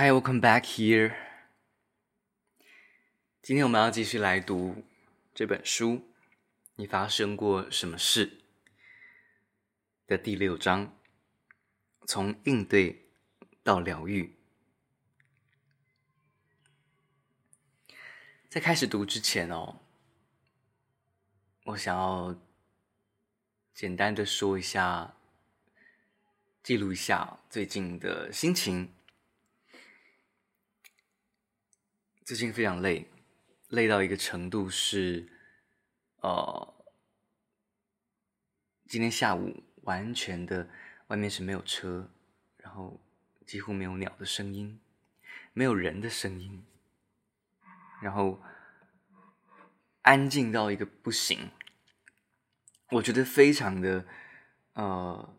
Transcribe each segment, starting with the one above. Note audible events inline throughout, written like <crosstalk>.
Hi, welcome back here。今天我們要繼續來讀這本書《你發生過什麼事》的第六章，從應對到療癒。在開始讀之前哦，我想要簡單的說一下，記錄一下最近的心情。最近非常累，累到一個程度是，呃，今天下午完全的外面是沒有車，然後幾乎沒有鳥的聲音，沒有人的聲音，然後安靜到一個不行，我覺得非常的呃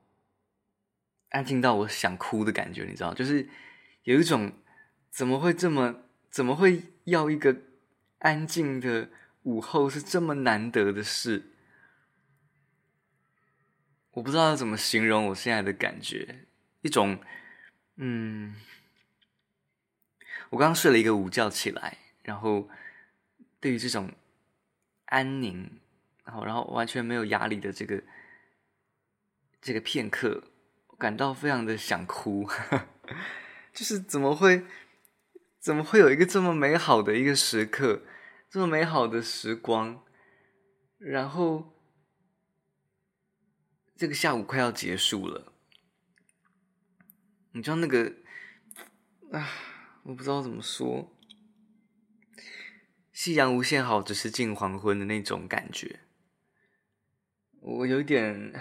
安靜到我想哭的感覺，你知道，就是有一種怎麼會這麼。怎麼會要一個安靜的午後是這麼難得的事？我不知道要怎麼形容我現在的感覺，一種……嗯，我剛睡了一個午覺起來，然後對於這種安寧，然後然後完全沒有壓力的這個這個片刻，我感到非常的想哭， <laughs> 就是怎麼會？怎麼會有一個這麼美好的一個時刻，這麼美好的時光，然後這個下午快要結束了，你知道那個啊，我不知道怎麼說，夕陽無限好，只是近黃昏的那種感覺，我有點，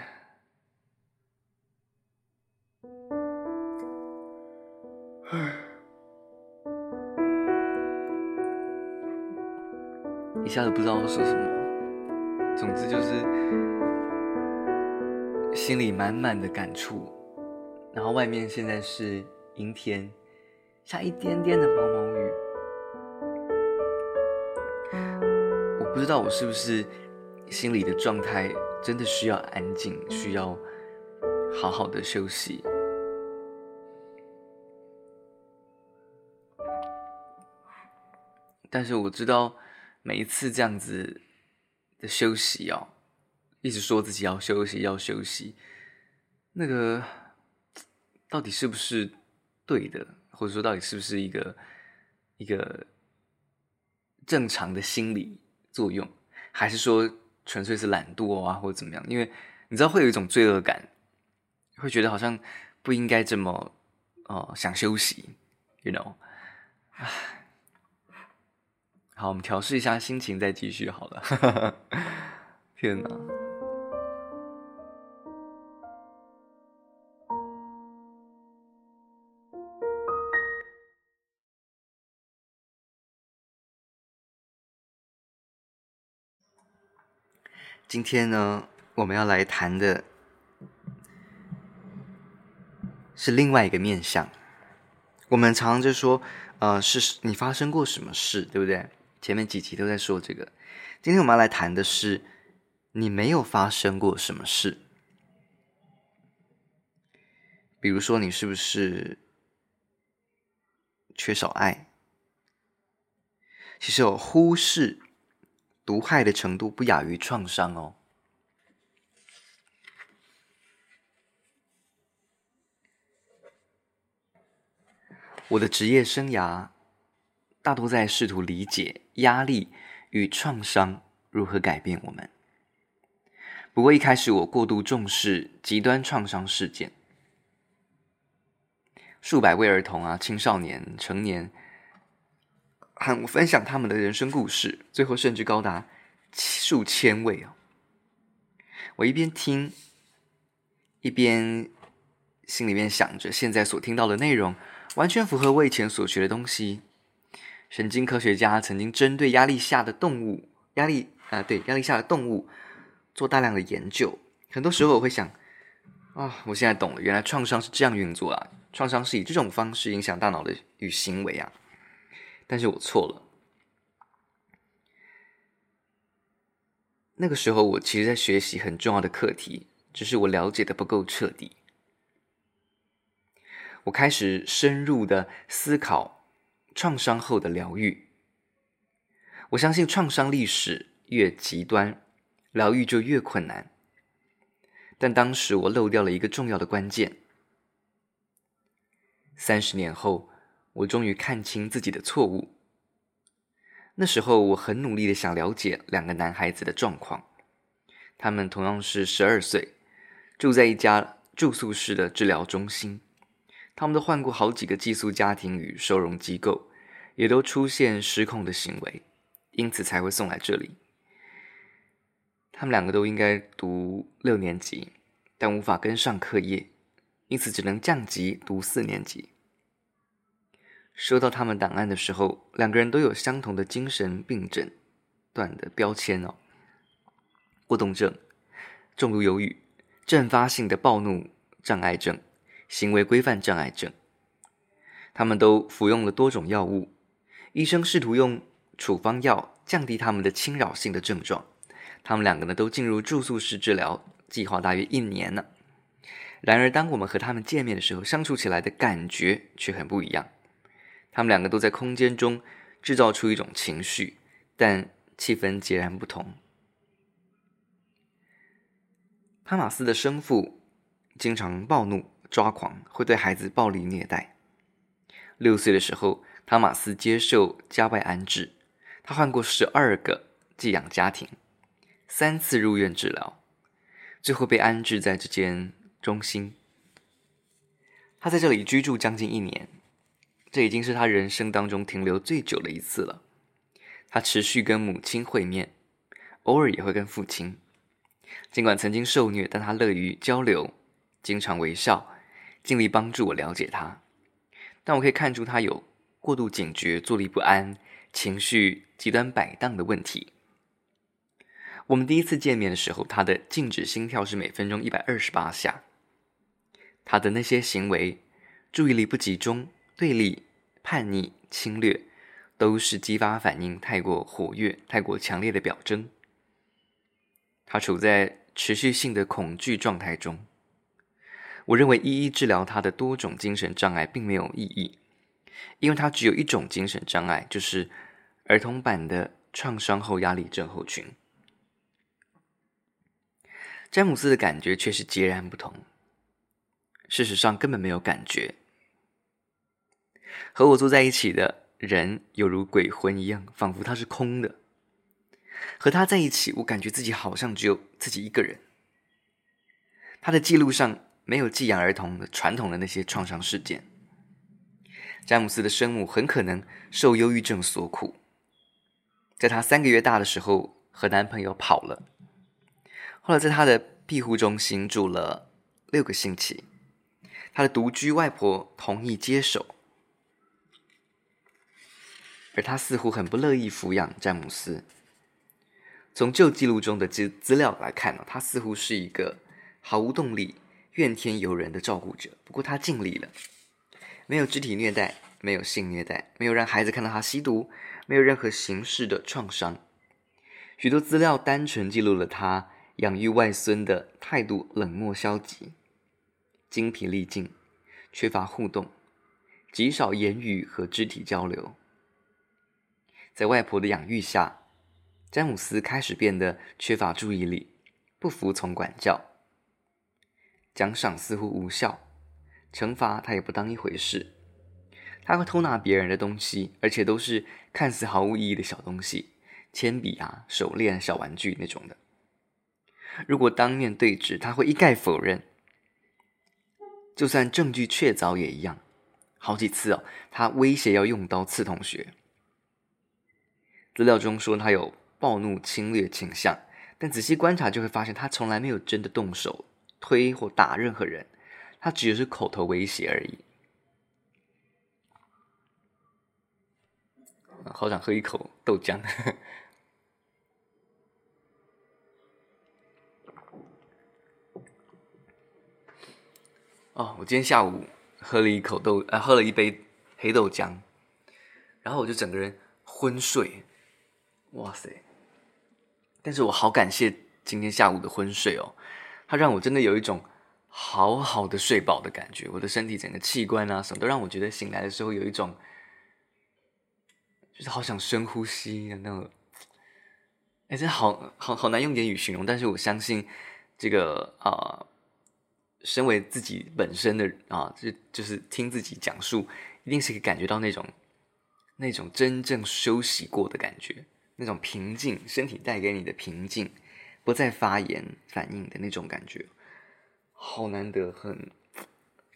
唉。一下子不知道說什麼，總之就是心裡滿滿的感觸。然後外面現在是陰天，下一點點的毛毛雨。我不知道我是不是心裡的狀態真的需要安靜，需要好好的休息。但是我知道。每一次這樣子的休息哦，一直說自己要休息要休息，那個到底是不是對的，或者說到底是不是一個一個正常的心理作用，還是說純粹是懶惰啊或者怎麼樣？因為你知道會有一種罪惡感，會覺得好像不應該這麼哦、呃、想休息，you know，唉。好，我們調試一下心情，再繼續好了。呵呵，天哪！今天呢，我們要來談的是另外一個面向。我們常常就說，呃，是你發生過什麼事，對不對？前面幾集都在說這個，今天我們要來談的是，你沒有發生過什麼事，比如說你是不是缺少愛？其實我忽視毒害的程度不亞於創傷哦。我的職業生涯大多在試圖理解。壓力與創傷如何改變我們？不過一開始我過度重視極端創傷事件，數百位兒童啊、青少年、成年，和我分享他們的人生故事，最後甚至高達數千位哦。我一邊聽，一邊心裡面想着，現在所聽到的內容完全符合我以前所學的東西。神經科學家曾經針對壓力下的動物壓力啊、呃，對壓力下的動物做大量的研究。很多時候我會想啊、哦，我現在懂了，原來創傷是這樣運作啊，創傷是以這種方式影響大腦的與行為啊。但是我錯了。那個時候我其實，在學習很重要的課題，只，就是我了解的不夠徹底。我開始深入的思考。創傷後的療癒，我相信創傷歷史越極端，療癒就越困難。但當時我漏掉了一個重要的關鍵。三十年後，我終於看清自己的錯誤。那時候，我很努力的想了解兩個男孩子的狀況，他們同樣是十二歲，住在一家住宿式的治療中心。他們都換過好幾個寄宿家庭與收容機構，也都出現失控的行為，因此才會送來這裡。他們兩個都應該讀六年級，但無法跟上課業，因此只能降級讀四年級。收到他們檔案的時候，兩個人都有相同的精神病症診斷的標籤哦：過動症、重度憂鬱、陣發性的暴怒障礙症。行為規範障礙症，他們都服用了多種藥物，醫生試圖用處方藥降低他們的侵擾性的症狀。他們兩個呢，都進入住宿式治療計劃大約一年了。然而，當我們和他們見面的時候，相處起來的感覺卻很不一樣。他們兩個都在空間中製造出一種情緒，但氣氛截然不同。哈馬斯的生父經常暴怒。抓狂會對孩子暴力虐待。六歲的時候，托馬斯接受家外安置，他換過十二個寄養家庭，三次入院治療，最後被安置在這間中心。他在這裡居住將近一年，這已經是他人生當中停留最久的一次了。他持續跟母親會面，偶爾也會跟父親。儘管曾經受虐，但他樂於交流，經常微笑。盡力幫助我了解他，但我可以看出他有過度警覺、坐立不安、情緒極端擺盪的問題。我們第一次見面的時候，他的靜止心跳是每分鐘一百二十八下。他的那些行為，注意力不集中、對立、叛逆、侵略，都是激發反應太過活躍、太過強烈的表徵。他處在持續性的恐懼狀態中。我認為一一治療他的多種精神障礙並沒有意義，因為他只有一種精神障礙，就是兒童版的創傷後壓力症候群。詹姆斯的感覺卻是截然不同，事實上根本沒有感覺。和我坐在一起的人猶如鬼魂一樣，仿佛他是空的。和他在一起，我感覺自己好像只有自己一個人。他的記錄上。沒有寄養兒童的傳統的那些創傷事件。詹姆斯的生母很可能受憂鬱症所苦，在他三個月大的時候和男朋友跑了，後來在她的庇護中心住了六個星期，他的獨居外婆同意接手，而她似乎很不樂意撫養詹姆斯。從舊記錄中的資資料來看呢，她似乎是一個毫無動力。怨天尤人的照顧者，不過他盡力了，沒有肢體虐待，沒有性虐待，沒有讓孩子看到他吸毒，沒有任何形式的創傷。許多資料單純記錄了他養育外孫的態度冷漠、消極、精疲力盡、缺乏互動、極少言語和肢體交流。在外婆的養育下，詹姆斯開始變得缺乏注意力，不服從管教。獎賞似乎無效，懲罰他也不當一回事。他會偷拿別人的東西，而且都是看似毫無意義的小東西，鉛筆啊、手鏈、小玩具那種的。如果當面對質，他會一概否認，就算證據確鑿也一樣。好幾次哦，他威脅要用刀刺同學。資料中說他有暴怒侵略傾向，但仔細觀察就會發現，他從來沒有真的動手。推或打任何人，他只是口頭威脅而已。好想喝一口豆漿。 <laughs> 哦，我今天下午喝了一口豆，呃，喝了一杯黑豆漿，然後我就整個人昏睡。哇塞！但是我好感謝今天下午的昏睡哦。它讓我真的有一種好好的睡飽的感覺，我的身體整個器官啊，什麼都讓我覺得醒來的時候有一種，就是好想深呼吸的、啊、那種。哎、欸，這好好好難用言語形容，但是我相信這個啊、呃，身為自己本身的啊，這、呃就是、就是聽自己講述，一定是可以感覺到那種那種真正休息過的感覺，那種平靜，身體帶給你的平靜。不再發炎反應的那種感覺，好難得很，很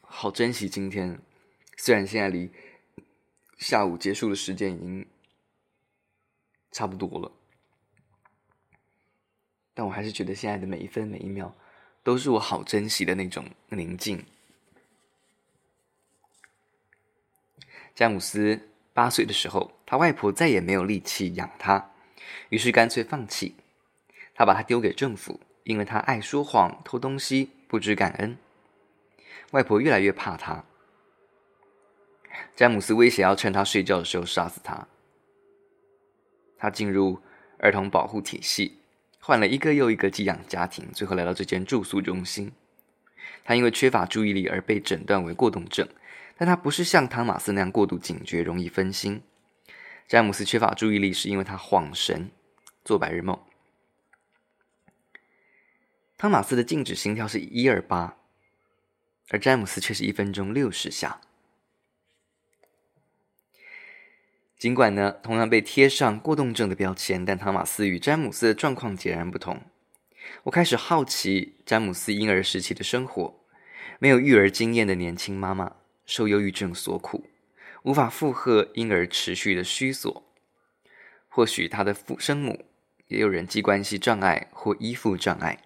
好珍惜今天。雖然現在離下午結束的時間已經差不多了，但我還是覺得現在的每一分每一秒都是我好珍惜的那種寧靜。詹姆斯八歲的時候，他外婆再也沒有力氣養他，於是乾脆放棄。他把他丟給政府，因為他愛說謊、偷東西、不知感恩。外婆越來越怕他。詹姆斯威脅要趁他睡覺的時候殺死他。他進入兒童保護體系，換了一個又一個寄養家庭，最後來到這間住宿中心。他因為缺乏注意力而被診斷為過動症，但他不是像湯馬斯那樣過度警覺、容易分心。詹姆斯缺乏注意力是因為他晃神，做白日夢。湯馬斯的靜止心跳是一二八，而詹姆斯卻是一分鐘六十下。儘管呢，同樣被貼上過動症的標籤，但湯馬斯與詹姆斯的狀況截然不同。我開始好奇詹姆斯嬰兒時期的生活。沒有育兒經驗的年輕媽媽受憂鬱症所苦，無法負荷嬰兒持續的需索。或許他的父生母也有人際關係障礙或依附障礙。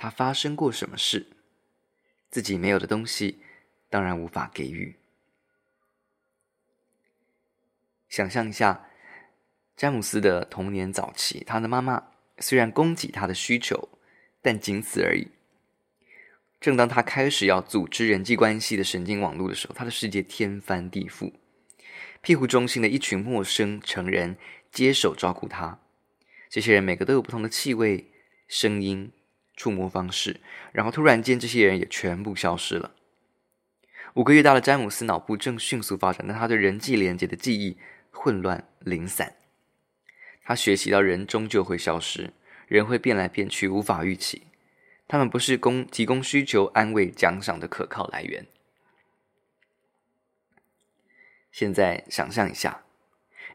他發生過什麼事？自己沒有的東西，當然無法給予。想象一下，詹姆斯的童年早期，他的媽媽雖然供給他的需求，但僅此而已。正當他開始要組織人際關係的神經網絡的時候，他的世界天翻地覆。庇護中心的一群陌生成人接手照顧他，這些人每個都有不同的氣味、聲音。觸摸方式，然後突然間，這些人也全部消失了。五個月大的詹姆斯腦部正迅速發展，但他對人際連接的記憶混亂零散。他學習到人終究會消失，人會變來變去，無法預期。他們不是供提供需求安慰獎賞的可靠來源。現在想象一下，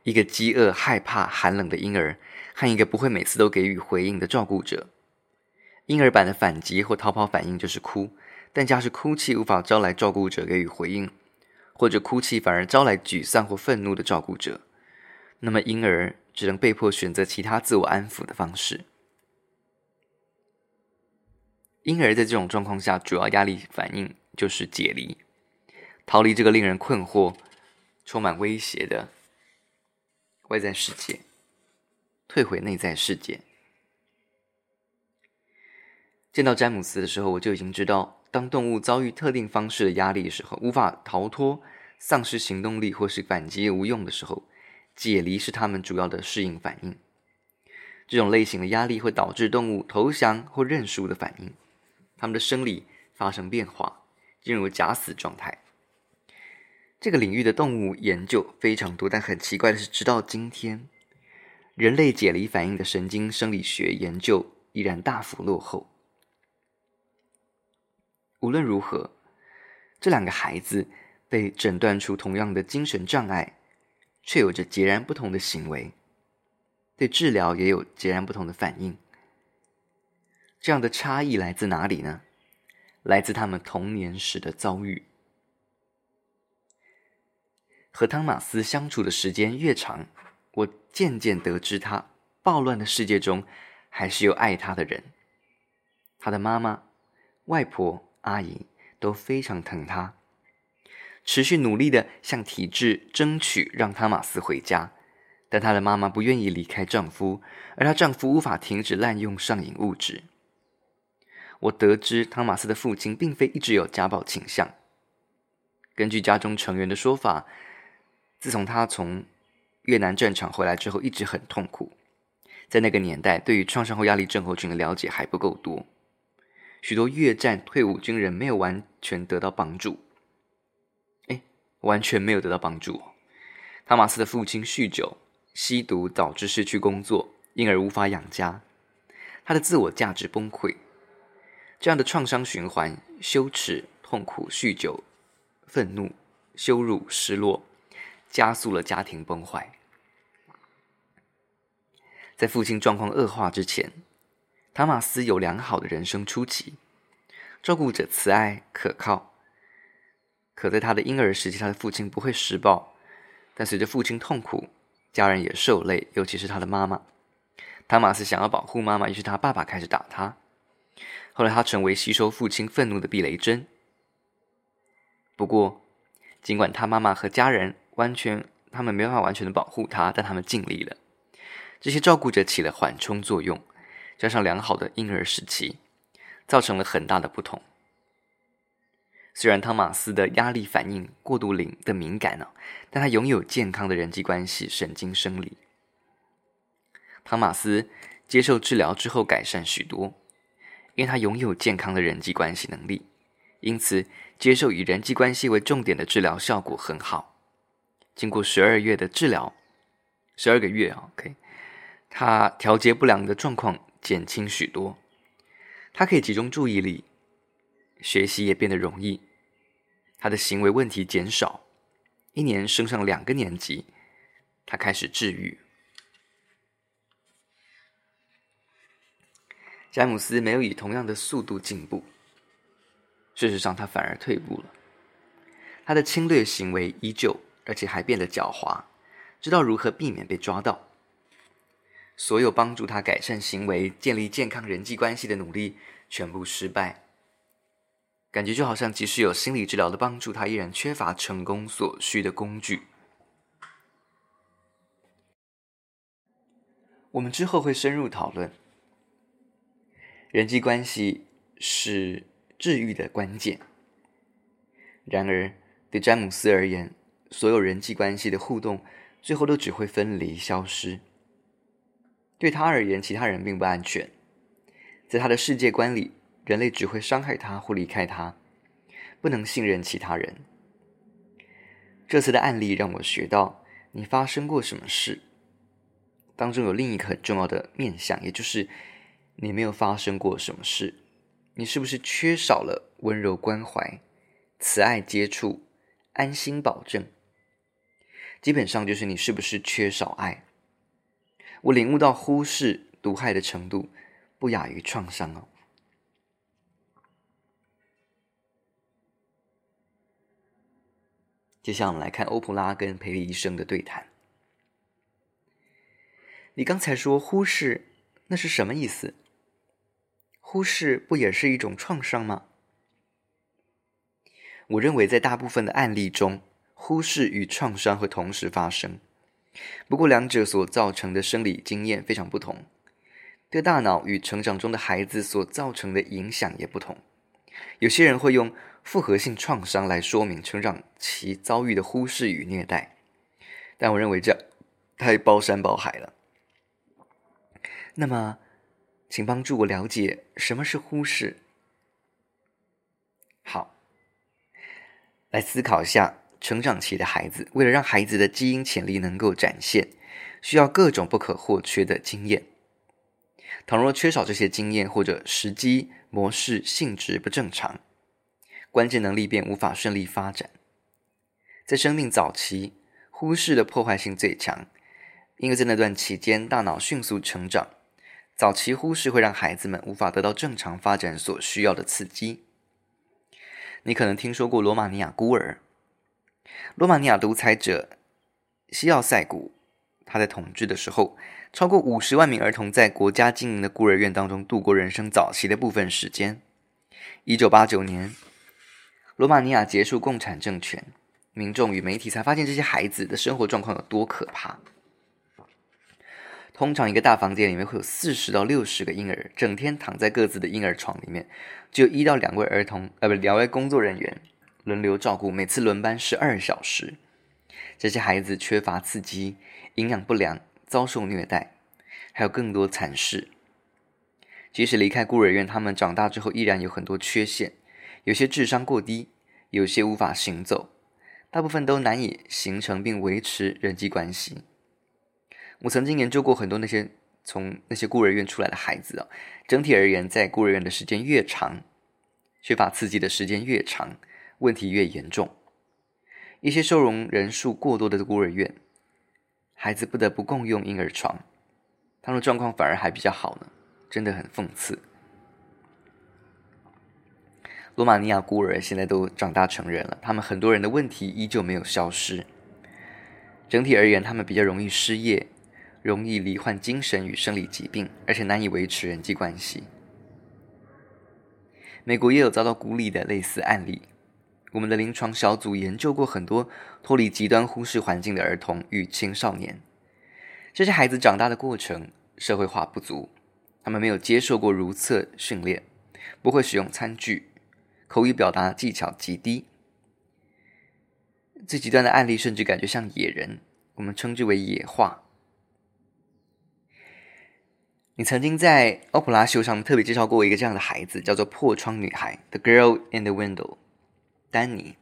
一個飢餓、害怕、寒冷的嬰兒和一個不會每次都給予回應的照顧者。嬰兒版的反擊或逃跑反應就是哭，但假使哭泣無法招來照顧者給予回應，或者哭泣反而招來沮喪或憤怒的照顧者，那麼嬰兒只能被迫選擇其他自我安撫的方式。嬰兒在這種狀況下，主要壓力反應就是解離，逃離這個令人困惑、充滿威脅的外在世界，退回內在世界。見到詹姆斯的時候，我就已經知道，當動物遭遇特定方式的壓力的時候，無法逃脫、喪失行動力或是反擊也無用的時候，解離是他們主要的適應反應。這種類型的壓力會導致動物投降或認輸的反應，它們的生理發生變化，進入假死狀態。這個領域的動物研究非常多，但很奇怪的是，直到今天，人類解離反應的神經生理學研究依然大幅落後。無論如何，這兩個孩子被診斷出同樣的精神障礙，卻有着截然不同的行為，對治療也有截然不同的反應。這樣的差異來自哪裡呢？來自他們童年時的遭遇。和湯馬斯相處的時間越長，我漸漸得知他，他暴亂的世界中，還是有愛他的人，他的媽媽、外婆。阿姨都非常疼他，持續努力的向體制爭取讓湯馬斯回家，但他的媽媽不願意離開丈夫，而她丈夫無法停止濫用上癮物質。我得知湯馬斯的父親並非一直有家暴傾向，根據家中成員的說法，自從他從越南戰場回來之後，一直很痛苦。在那個年代，對於創傷後壓力症候群的了解還不夠多。許多越戰退伍軍人沒有完全得到幫助，誒完全沒有得到幫助。湯馬斯的父親酗酒、吸毒，導致失去工作，因而無法養家。他的自我價值崩潰，這樣的創傷循環、羞恥、痛苦、酗酒、憤怒、羞辱、失落，加速了家庭崩壞。在父親狀況惡化之前。塔馬斯有良好的人生初期，照顧者慈愛可靠。可在他的嬰兒時期，他的父親不會施暴，但隨着父親痛苦，家人也受累，尤其是他的媽媽。塔馬斯想要保護媽媽，於是他爸爸開始打他。後來他成為吸收父親憤怒的避雷針。不過，儘管他媽媽和家人完全，他們沒辦法完全的保護他，但他們盡力了。這些照顧者起了緩衝作用。加上良好的嬰兒時期，造成了很大的不同。雖然湯馬斯的壓力反應過度靈的敏感呢、啊，但他擁有健康的人際關係神經生理。湯馬斯接受治療之後改善許多，因為他擁有健康的人際關係能力，因此接受以人際關係為重點的治療效果很好。經過十二月的治療，十二個月啊，OK，他調節不良的狀況減輕許多，他可以集中注意力，學習也變得容易，他的行為問題減少，一年升上兩個年級，他開始治癒。詹姆斯沒有以同樣的速度進步，事實上，他反而退步了，他的侵略行為依舊，而且還變得狡猾，知道如何避免被抓到。所有幫助他改善行為、建立健康人際關係的努力全部失敗，感覺就好像即使有心理治療的幫助他，他依然缺乏成功所需的工具。 <noise> 我們之後會深入討論，人際關係是治癒的關鍵。然而，對詹姆斯而言，所有人際關係的互動最後都只會分離、消失。對他而言，其他人並不安全。在他的世界觀裡，人類只會傷害他或離開他，不能信任其他人。這次的案例讓我學到：你發生過什麼事？當中有另一個很重要的面向，也就是你沒有發生過什麼事。你是不是缺少了溫柔關懷、慈愛接觸、安心保證？基本上就是你是不是缺少愛？我領悟到忽視毒害的程度不亞於創傷哦。接下來我們來看歐普拉跟培利醫生的對談。你剛才說忽視，那是什麼意思？忽視不也是一種創傷嗎？我認為在大部分的案例中，忽視與創傷會同時發生。不過，兩者所造成的生理經驗非常不同，對大腦與成長中的孩子所造成的影響也不同。有些人會用複合性創傷來說明成長期遭遇的忽視與虐待，但我認為這太包山包海了。那麼，請幫助我了解什麼是忽視。好，來思考一下。成長期的孩子，為了讓孩子的基因潛力能夠展現，需要各種不可或缺的經驗。倘若缺少這些經驗，或者時機、模式、性質不正常，關鍵能力便無法順利發展。在生命早期，忽視的破壞性最強，因為在那段期間，大腦迅速成長。早期忽視會讓孩子們無法得到正常發展所需要的刺激。你可能聽說過羅馬尼亞孤兒。羅馬尼亞獨裁者西奧塞古，他在統治的時候，超過五十萬名兒童在國家經營的孤兒院當中度過人生早期的部分時間。一九八九年，羅馬尼亞結束共產政權，民眾與媒體才發現這些孩子的生活狀況有多可怕。通常一個大房間裡面會有四十到六十個嬰兒，整天躺在各自的嬰兒床裡面，只有一到兩位兒童，呃，不，兩位工作人員。輪流照顧，每次輪班十二小時。這些孩子缺乏刺激，營養不良，遭受虐待，還有更多慘事。即使離開孤兒院，他們長大之後依然有很多缺陷，有些智商過低，有些無法行走，大部分都難以形成並維持人際關係。我曾經研究過很多那些從那些孤兒院出來的孩子啊，整體而言，在孤兒院的時間越長，缺乏刺激的時間越長。問題越嚴重，一些收容人數過多的孤兒院，孩子不得不共用嬰兒床，他們狀況反而還比較好呢，真的很諷刺。羅馬尼亞孤兒現在都長大成人了，他們很多人的問題依舊沒有消失。整體而言，他們比較容易失業，容易罹患精神與生理疾病，而且難以維持人際關係。美國也有遭到孤立的類似案例。我們的臨床小組研究過很多脫離極端忽視環境的兒童與青少年。這些孩子長大的過程社會化不足，他們沒有接受過如廁訓練，不會使用餐具，口語表達技巧極低。最極端的案例甚至感覺像野人，我們稱之為“野化”。你曾經在奧普拉秀上特別介紹過一個這樣的孩子，叫做“破窗女孩 ”（The Girl in the Window）。丹尼，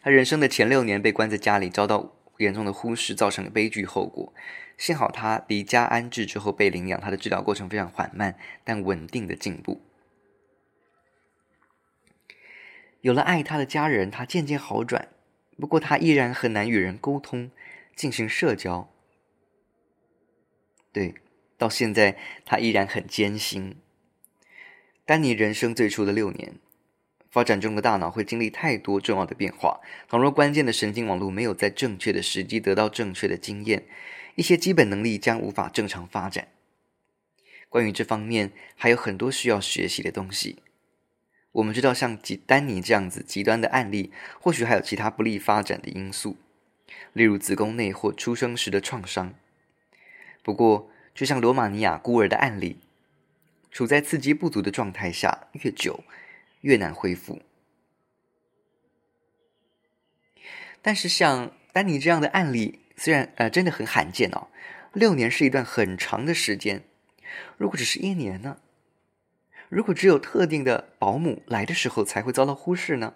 他人生的前六年被關在家裡，遭到嚴重的忽視，造成了悲劇後果。幸好他離家安置之後被領養，他的治療過程非常緩慢，但穩定的進步。有了愛他的家人，他漸漸好轉。不過他依然很難與人溝通，進行社交。對，到現在他依然很艱辛。丹尼人生最初的六年。發展中的大腦會經歷太多重要的變化。倘若關鍵的神經網絡沒有在正確的時機得到正確的經驗，一些基本能力將無法正常發展。關於這方面，還有很多需要學習的東西。我們知道，像丹尼這樣子極端的案例，或許還有其他不利發展的因素，例如子宮內或出生時的創傷。不過，就像羅馬尼亞孤兒的案例，處在刺激不足的狀態下越久。越難恢復。但是像丹尼這樣的案例，雖然呃真的很罕見哦，六年是一段很長的時間，如果只是一年呢？如果只有特定的保姆來的時候才會遭到忽視呢？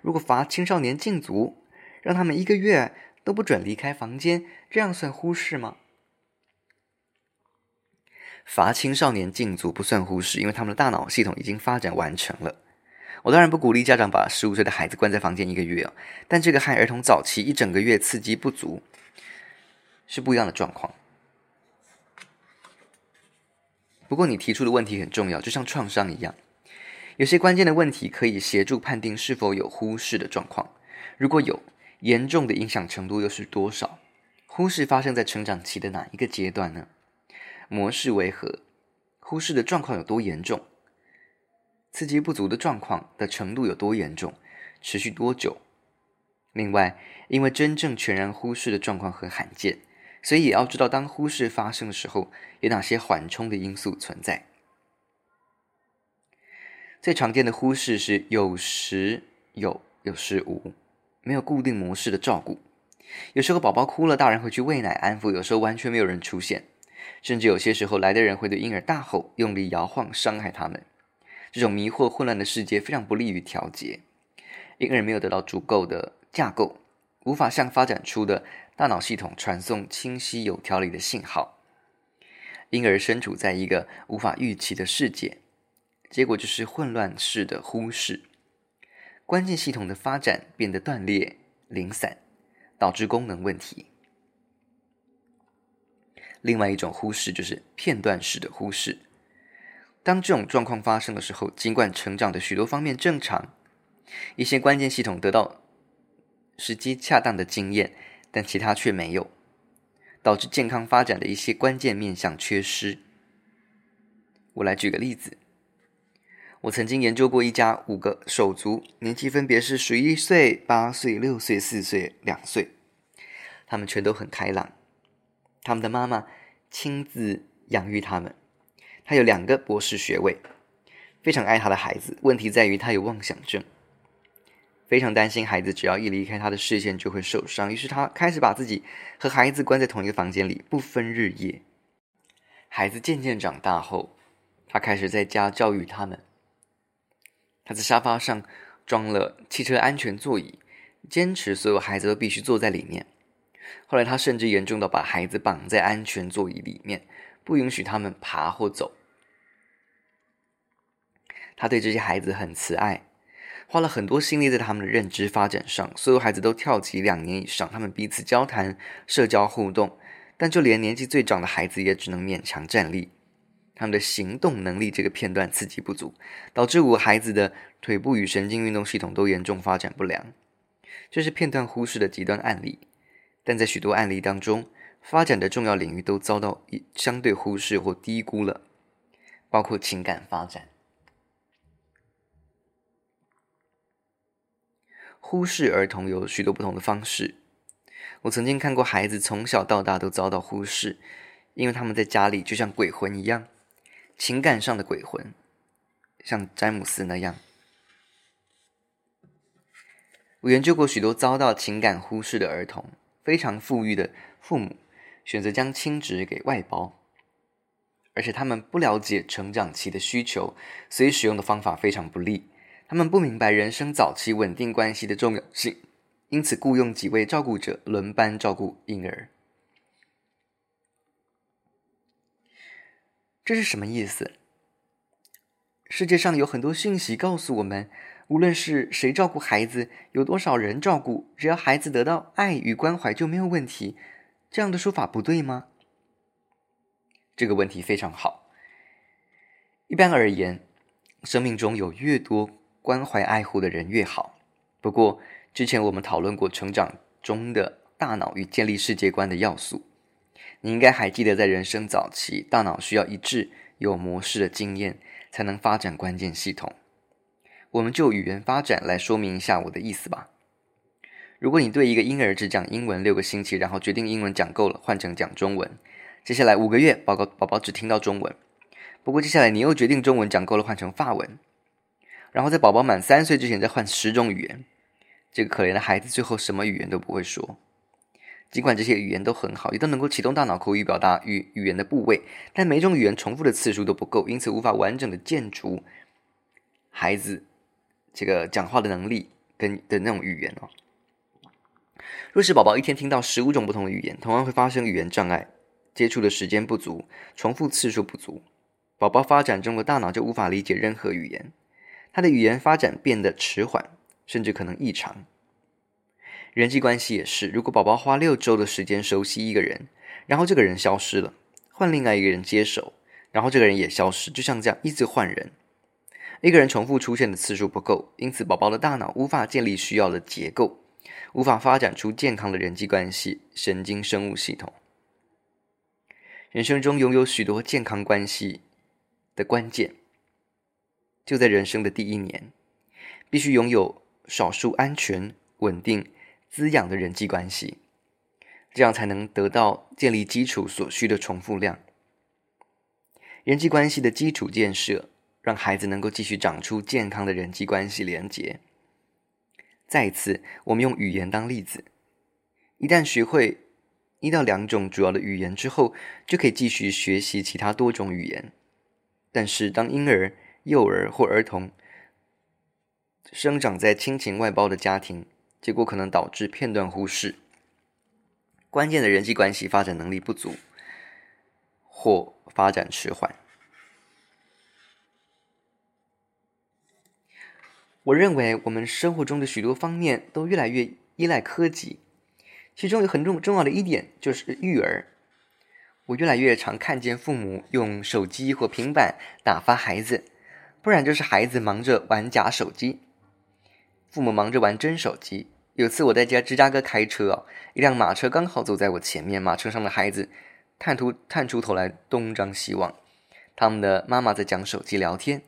如果罰青少年禁足，讓他們一個月都不准離開房間，這樣算忽視嗎？罰青少年禁足不算忽視，因為他們的大腦系統已經發展完成了。我當然不鼓勵家長把十五歲的孩子關在房間一個月啊，但這個害兒童早期一整個月刺激不足是不一樣的狀況。不過你提出的問題很重要，就像創傷一樣，有些關鍵的問題可以協助判定是否有忽視的狀況。如果有，嚴重的影響程度又是多少？忽視發生在成長期的哪一個階段呢？模式為何？忽視的狀況有多嚴重？刺激不足的狀況的程度有多嚴重？持續多久？另外，因為真正全然忽視的狀況很罕見，所以也要知道當忽視發生的時候，有哪些緩衝的因素存在。最常見的忽視是有時有，有時無，沒有固定模式的照顧。有時候寶寶哭了，大人會去餵奶安撫，有時候完全沒有人出現。甚至有些時候，來的人會對嬰兒大吼，用力搖晃，傷害他們。這種迷惑混亂的世界非常不利於調節。嬰兒沒有得到足夠的架構，無法向發展出的大腦系統傳送清晰有條理的信號。嬰兒身處在一個無法預期的世界，結果就是混亂式的忽視。關鍵系統的發展變得斷裂、零散，導致功能問題。另外一種忽視就是片段式的忽視。當這種狀況發生的時候，儘管成長的許多方面正常，一些關鍵系統得到時機恰當的經驗，但其他卻沒有，導致健康發展的一些關鍵面向缺失。我來舉個例子。我曾經研究過一家五個手足，年紀分別是十一歲、八歲、六歲、四歲、兩歲，他們全都很開朗。他們的媽媽親自養育他們，她有兩個博士學位，非常愛她的孩子。問題在於她有妄想症，非常擔心孩子只要一離開他的視線就會受傷，於是他開始把自己和孩子關在同一個房間裡，不分日夜。孩子漸漸長大後，他開始在家教育他們。他在沙發上裝了汽車安全座椅，堅持所有孩子都必須坐在裡面。後來，他甚至嚴重到把孩子綁在安全座椅裡面，不允許他們爬或走。他對這些孩子很慈愛，花了很多心力在他們的認知發展上。所有孩子都跳級兩年以上，他們彼此交談、社交互動。但就連年紀最長的孩子也只能勉強站立。他們的行動能力這個片段刺激不足，導致五個孩子的腿部與神經運動系統都嚴重發展不良。這是片段忽視的極端案例。但在許多案例當中，發展的重要領域都遭到相對忽視或低估了，包括情感發展。忽視兒童有許多不同的方式。我曾經看過孩子從小到大都遭到忽視，因為他們在家裡就像鬼魂一樣，情感上的鬼魂，像詹姆斯那樣。我研究過許多遭到情感忽視的兒童。非常富裕的父母選擇將親職給外包，而且他們不了解成長期的需求，所以使用的方法非常不利。他們不明白人生早期穩定關係的重要性，因此僱傭幾位照顧者輪班照顧嬰兒。這是什麼意思？世界上有很多信息告訴我們。無論是誰照顧孩子，有多少人照顧，只要孩子得到愛與關懷就沒有問題，這樣的說法不對嗎？這個問題非常好。一般而言，生命中有越多關懷愛護的人越好。不過，之前我們討論過成長中的大腦與建立世界觀的要素，你應該還記得，在人生早期，大腦需要一致、有模式的經驗，才能發展關鍵系統。我們就語言發展來說明一下我的意思吧。如果你對一個嬰兒只講英文六個星期，然後決定英文講夠了，換成講中文，接下來五個月寶寶寶寶只聽到中文。不過接下來你又決定中文講夠了，換成法文，然後在寶寶滿三歲之前再換十種語言，這個可憐的孩子最後什麼語言都不會說。儘管這些語言都很好，也都能夠啟動大腦口語表達與語言的部位，但每種語言重複的次數都不夠，因此無法完整地建築孩子。這個講話的能力跟的那種語言哦，若是寶寶一天聽到十五種不同的語言，同樣會發生語言障礙。接觸的時間不足，重複次數不足，寶寶發展中的大腦就無法理解任何語言，他的語言發展變得遲緩，甚至可能異常。人際關係也是，如果寶寶花六周的時間熟悉一個人，然後這個人消失了，換另外一個人接手，然後這個人也消失，就像這樣一直換人。一個人重複出現的次數不夠，因此寶寶的大腦無法建立需要的結構，無法發展出健康的人際關係神經生物系統。人生中擁有許多健康關係的關鍵，就在人生的第一年，必須擁有少數安全、穩定、滋養的人際關係，這樣才能得到建立基礎所需的重複量。人際關係的基礎建設。讓孩子能夠繼續長出健康的人際關係連結。再一次，我們用語言當例子，一旦學會一到兩種主要的語言之後，就可以繼續學習其他多種語言。但是，當嬰兒、幼兒或兒童生長在親情外包的家庭，結果可能導致片段忽視、關鍵的人際關係發展能力不足或發展遲緩。我認為我們生活中的許多方面都越來越依賴科技，其中有很重重要的一點就是育兒。我越來越常看見父母用手機或平板打發孩子，不然就是孩子忙着玩假手機，父母忙着玩真手機。有次我在家芝加哥開車，一輛馬車剛好走在我前面，馬車上的孩子探出探出頭來東張西望，他們的媽媽在講手機聊天。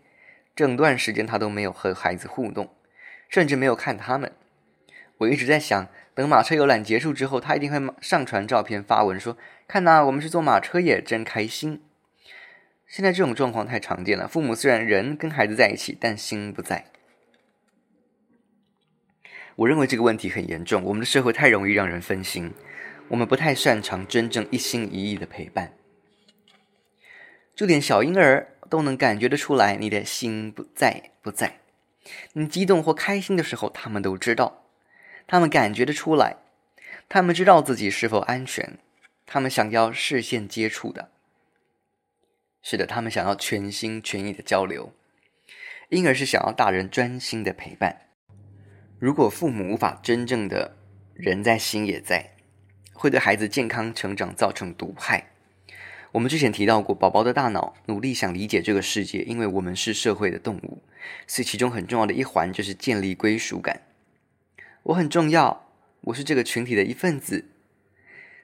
整段時間他都沒有和孩子互動，甚至沒有看他們。我一直在想，等馬車遊覽結束之後，他一定會上傳照片發文說：“看吶，我們是坐馬車也真開心。”現在這種狀況太常見了。父母雖然人跟孩子在一起，但心不在。我認為這個問題很嚴重。我們的社會太容易讓人分心，我們不太擅長真正一心一意的陪伴。就連小嬰兒，都能感覺得出來，你的心不在不在。你激動或開心的時候，他們都知道，他們感覺得出來，他們知道自己是否安全，他們想要視線接觸的，是的，他們想要全心全意的交流。嬰兒是想要大人專心的陪伴。如果父母無法真正的人在心也在，會對孩子健康成長造成毒害。我們之前提到過，寶寶的大腦努力想理解這個世界，因為我們是社會的動物，所以其中很重要的一環就是建立歸屬感。我很重要，我是這個群體的一份子。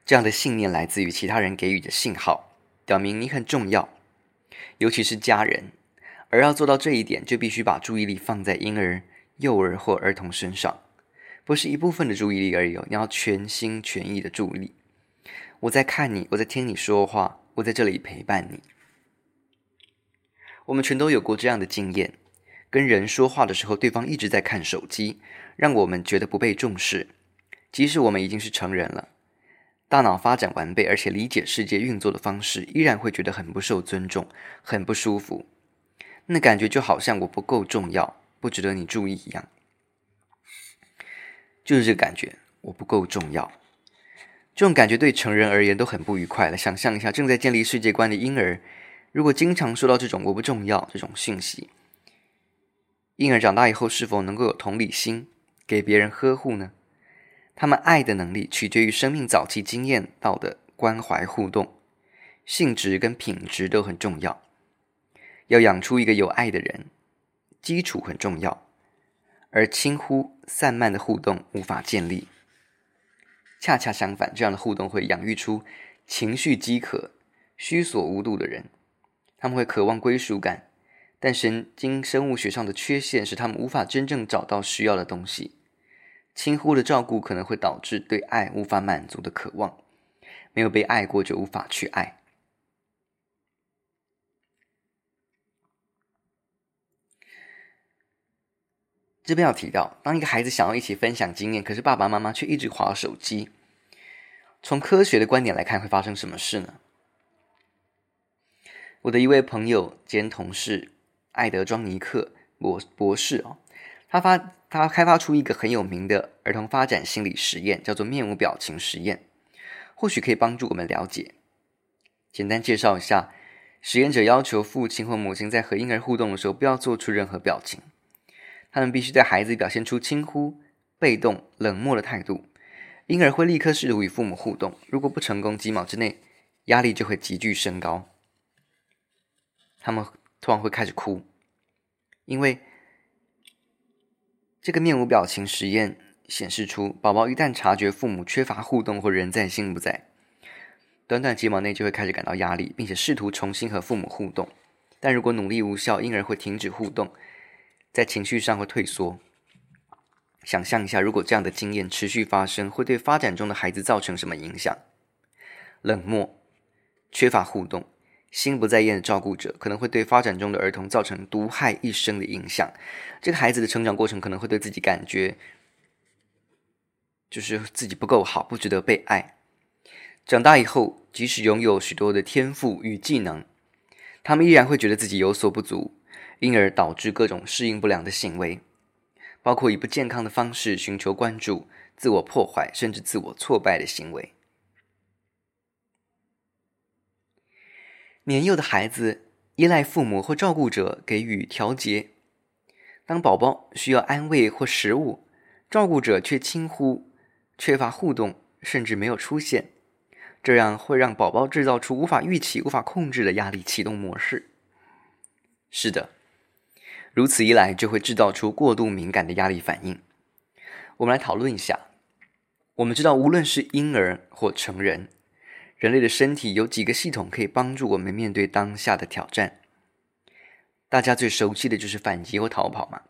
這樣的信念來自於其他人給予的信號，表明你很重要，尤其是家人。而要做到這一點，就必須把注意力放在嬰兒、幼兒或兒童身上，不是一部分的注意力而已哦，你要全心全意的注意。我在看你，我在聽你說話。我在這裡陪伴你。我們全都有過這樣的經驗，跟人說話的時候，對方一直在看手機，讓我們覺得不被重視。即使我們已經是成人了，大腦發展完備，而且理解世界運作的方式，依然會覺得很不受尊重，很不舒服。那感覺就好像我不夠重要，不值得你注意一樣。就是這個感覺，我不夠重要。這種感覺對成人而言都很不愉快了。想象一下，正在建立世界觀的嬰兒，如果經常收到這種“我不重要”這種訊息，嬰兒長大以後是否能夠有同理心給別人呵護呢？他們愛的能力取決於生命早期經驗到的關懷互動性質，跟品質都很重要。要養出一個有愛的人，基礎很重要，而輕忽散漫的互動無法建立。恰恰相反，這樣的互動會養育出情緒飢渴、需索無度的人。他們會渴望歸屬感，但神經生物學上的缺陷使他們無法真正找到需要的東西。輕忽的照顧可能會導致對愛無法滿足的渴望。沒有被愛過，就無法去愛。這邊要提到，當一個孩子想要一起分享經驗，可是爸爸媽媽卻一直滑手機。從科學的觀點來看，會發生什麼事呢？我的一位朋友兼同事艾德莊尼克博博士哦，他發他開發出一個很有名的兒童發展心理實驗，叫做面無表情實驗，或許可以幫助我們了解。簡單介紹一下，實驗者要求父親或母親在和嬰兒互動的時候不要做出任何表情，他們必須對孩子表現出輕忽、被動、冷漠的態度。嬰兒會立刻試圖與父母互動，如果不成功，幾秒之內壓力就會急劇升高。他們突然會開始哭，因為這個面無表情實驗顯示出，寶寶一旦察覺父母缺乏互動或人在心不在，短短幾秒內就會開始感到壓力，並且試圖重新和父母互動。但如果努力無效，嬰兒會停止互動，在情緒上會退縮。想象一下，如果這樣的經驗持續發生，會對發展中的孩子造成什麼影響？冷漠、缺乏互動、心不在焉的照顧者，可能會對發展中的兒童造成毒害一生的影響。這個孩子的成長過程可能會對自己感覺，就是自己不夠好，不值得被愛。長大以後，即使擁有許多的天賦與技能，他們依然會覺得自己有所不足，因而導致各種適應不良的行為。包括以不健康的方式尋求關注、自我破壞甚至自我挫敗的行為。年幼的孩子依賴父母或照顧者給予調節。當寶寶需要安慰或食物，照顧者卻輕忽、缺乏互動，甚至沒有出現，這樣會讓寶寶製造出無法預期、無法控制的壓力啟動模式。是的。如此一來，就會製造出過度敏感的壓力反應。我們來討論一下。我們知道，無論是嬰兒或成人，人類的身體有幾個系統可以幫助我們面對當下的挑戰。大家最熟悉的就是反擊或逃跑嘛。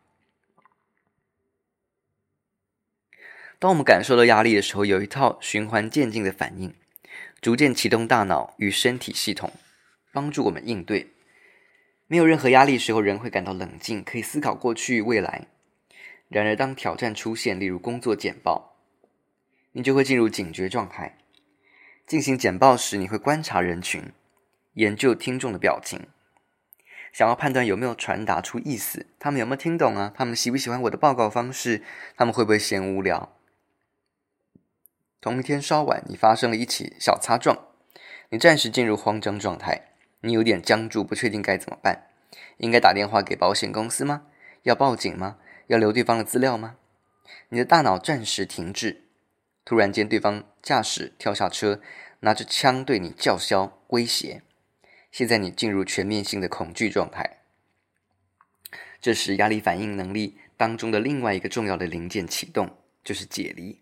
當我們感受到壓力的時候，有一套循序漸進的反應，逐漸啟動大腦與身體系統，幫助我們應對。沒有任何壓力時候，人會感到冷靜，可以思考過去、未來。然而，當挑戰出現，例如工作簡報，你就會進入警覺狀態。進行簡報時，你會觀察人群，研究聽眾的表情，想要判斷有沒有傳達出意思，他們有沒有聽懂啊？他們喜不喜歡我的報告方式？他們會不會嫌無聊？同一天稍晚，你發生了一起小擦撞，你暫時進入慌張狀態。你有點僵住，不確定該怎麼辦，應該打電話給保險公司嗎？要報警嗎？要留對方的資料嗎？你的大腦暫時停滯。突然間，對方駕駛跳下車，拿着槍對你叫囂威脅。現在你進入全面性的恐懼狀態。這時，壓力反應能力當中的另外一個重要的零件啟動，就是解離。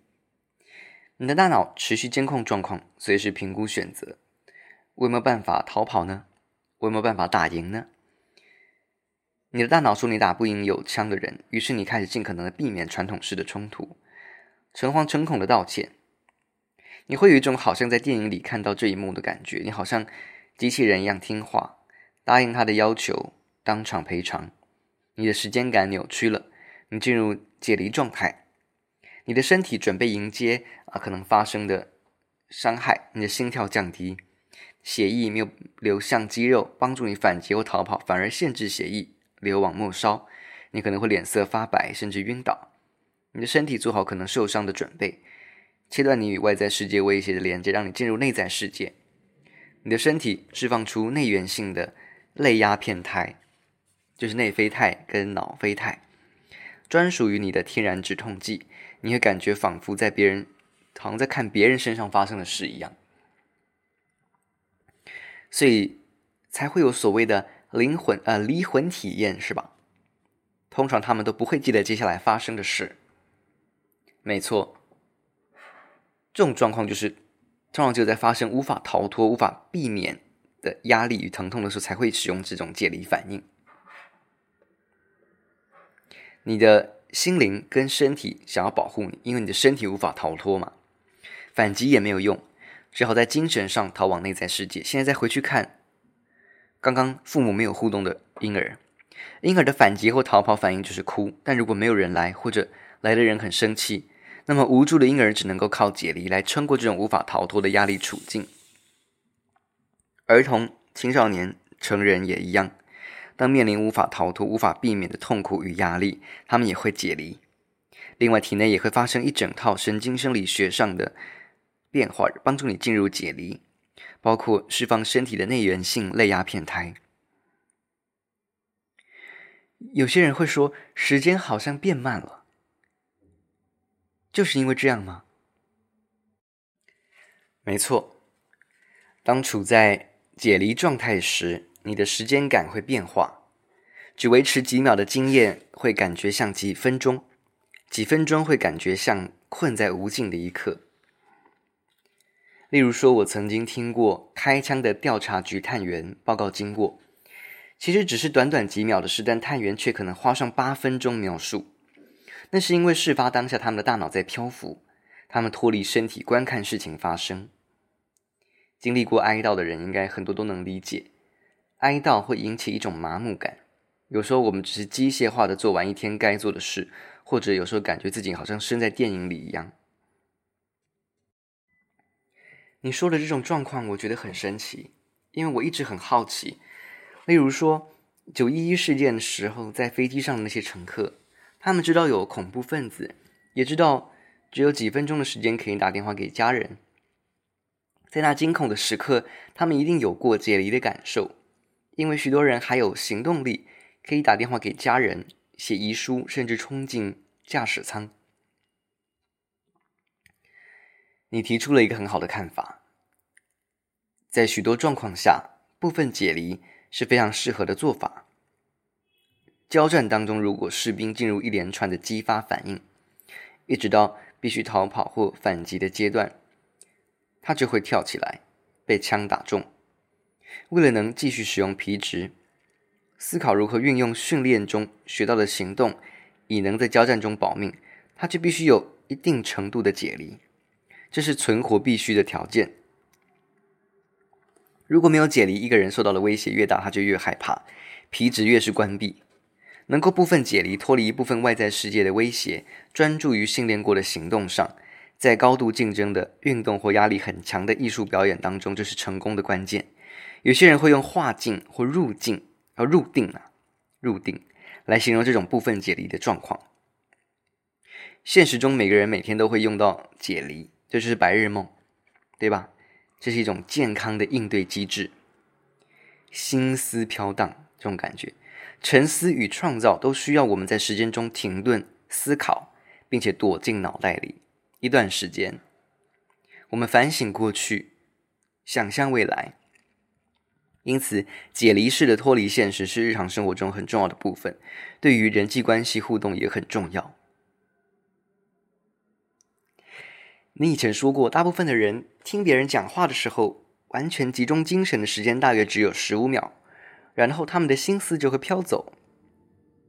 你的大腦持續監控狀況，隨時評估選擇。我有沒有辦法逃跑呢？我有沒有辦法打贏呢？你的大腦說你打不贏有槍的人，於是你開始盡可能的避免傳統式的衝突，誠惶誠恐的道歉。你會有一種好像在電影裡看到這一幕的感覺，你好像機器人一樣聽話，答應他的要求，當場賠償。你的時間感扭曲了，你進入解離狀態，你的身體準備迎接啊可能發生的傷害，你的心跳降低。血液沒有流向肌肉，幫助你反擊或逃跑，反而限制血液流往末梢，你可能會臉色發白，甚至暈倒。你的身體做好可能受傷的準備，切斷你與外在世界威脅的連接，讓你進入內在世界。你的身體釋放出內源性的類鴉片肽，就是內啡肽跟腦啡肽，專屬於你的天然止痛劑。你會感覺仿佛在別人，好像在看別人身上發生的事一樣。所以才會有所謂的靈魂，呃，離魂體驗，是吧？通常他們都不會記得接下來發生的事。沒錯，這種狀況就是通常只有在發生無法逃脫、無法避免的壓力與疼痛的時候，才會使用這種解離反應。你的心靈跟身體想要保護你，因為你的身體無法逃脫嘛，反擊也沒有用。只好在精神上逃往內在世界。現在再回去看，剛剛父母沒有互動的嬰兒，嬰兒的反擊或逃跑反應就是哭。但如果沒有人來，或者來的人很生氣，那麼無助的嬰兒只能夠靠解離來撐過這種無法逃脫的壓力處境。兒童、青少年、成人也一樣，當面臨無法逃脫、無法避免的痛苦與壓力，他們也會解離。另外，體內也會發生一整套神經生理學上的。變化幫助你進入解離，包括釋放身體的內源性類鴉片肽。有些人會說，時間好像變慢了，就是因為這樣嗎？沒錯，當處在解離狀態時，你的時間感會變化，只維持幾秒的經驗會感覺像幾分鐘，幾分鐘會感覺像困在無盡的一刻。例如說，我曾經聽過開槍的調查局探員報告經過，其實只是短短幾秒的事，但探員卻可能花上八分鐘描述。那是因為事發當下，他們的大腦在漂浮，他們脫離身體觀看事情發生。經歷過哀悼的人，應該很多都能理解，哀悼會引起一種麻木感。有時候我們只是機械化的做完一天該做的事，或者有時候感覺自己好像身在電影裡一樣。你說的這種狀況，我覺得很神奇，因為我一直很好奇。例如說，九一一事件的時候，在飛機上的那些乘客，他們知道有恐怖分子，也知道只有幾分鐘的時間可以打電話給家人。在那驚恐的時刻，他們一定有過解離的感受，因為許多人還有行動力，可以打電話給家人、寫遺書，甚至衝進駕駛艙。你提出了一個很好的看法。在許多狀況下，部分解離是非常適合的做法。交戰當中，如果士兵進入一連串的激發反應，一直到必須逃跑或反擊的階段，他就會跳起來被槍打中。為了能繼續使用皮質，思考如何運用訓練中學到的行動，以能在交戰中保命，他就必須有一定程度的解離。這是存活必須的條件。如果沒有解離，一個人受到的威脅越大，他就越害怕，皮質越是關閉。能夠部分解離，脫離一部分外在世界的威脅，專注於訓練過的行動上，在高度競爭的運動或壓力很強的藝術表演當中，這是成功的關鍵。有些人會用“化境”或“入境”、要“入定”啊，“入定”來形容這種部分解離的狀況。現實中，每個人每天都會用到解離。這就是白日夢，對吧？這是一種健康的應對機制。心思飄蕩，這種感覺，沉思與創造都需要我們在時間中停頓思考，並且躲進腦袋裡一段時間。我們反省過去，想象未來。因此，解離式的脫離現實是日常生活中很重要的部分，對於人際關係互動也很重要。你以前說過，大部分的人聽別人講話的時候，完全集中精神的時間大約只有十五秒，然後他們的心思就會飄走。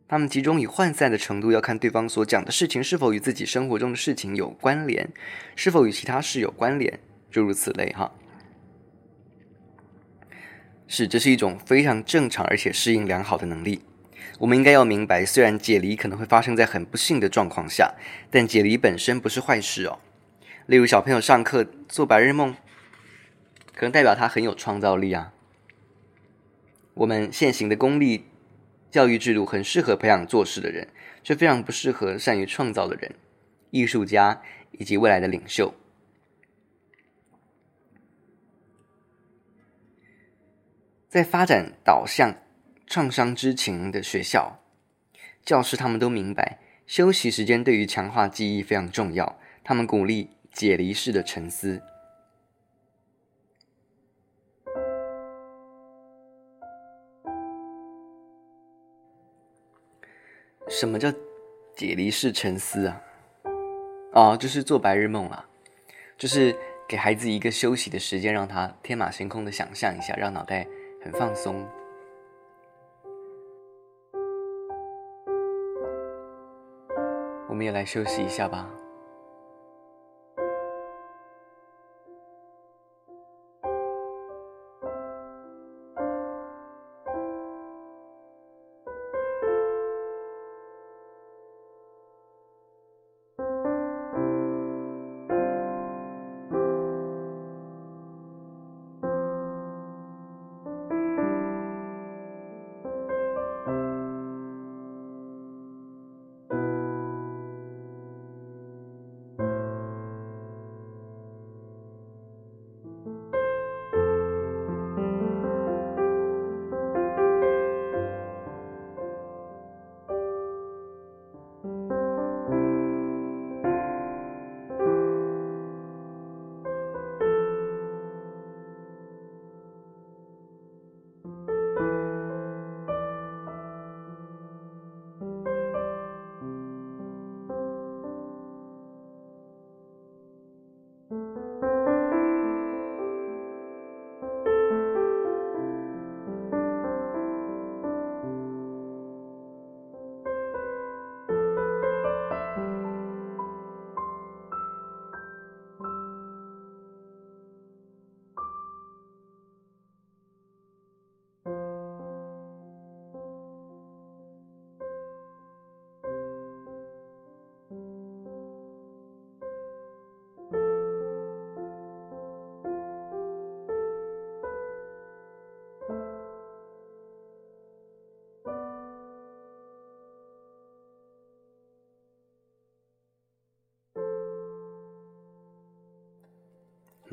他們集中以渙散的程度要看對方所講的事情是否與自己生活中的事情有關聯，是否與其他事有關聯，諸如此類哈。是，這是一種非常正常而且適應良好的能力。我們應該要明白，雖然解離可能會發生在很不幸的狀況下，但解離本身不是壞事哦。例如小朋友上課做白日夢，可能代表他很有創造力啊。我們現行的公立教育制度很適合培養做事的人，卻非常不適合善於創造的人、藝術家以及未來的領袖。在發展導向、創傷知情的學校，教師他們都明白休息時間對於強化記憶非常重要，他們鼓勵。解離式的沉思，什麼叫解離式沉思啊？哦，就是做白日夢啊，就是給孩子一個休息的時間，讓他天馬行空的想象一下，讓腦袋很放鬆。我們也來休息一下吧。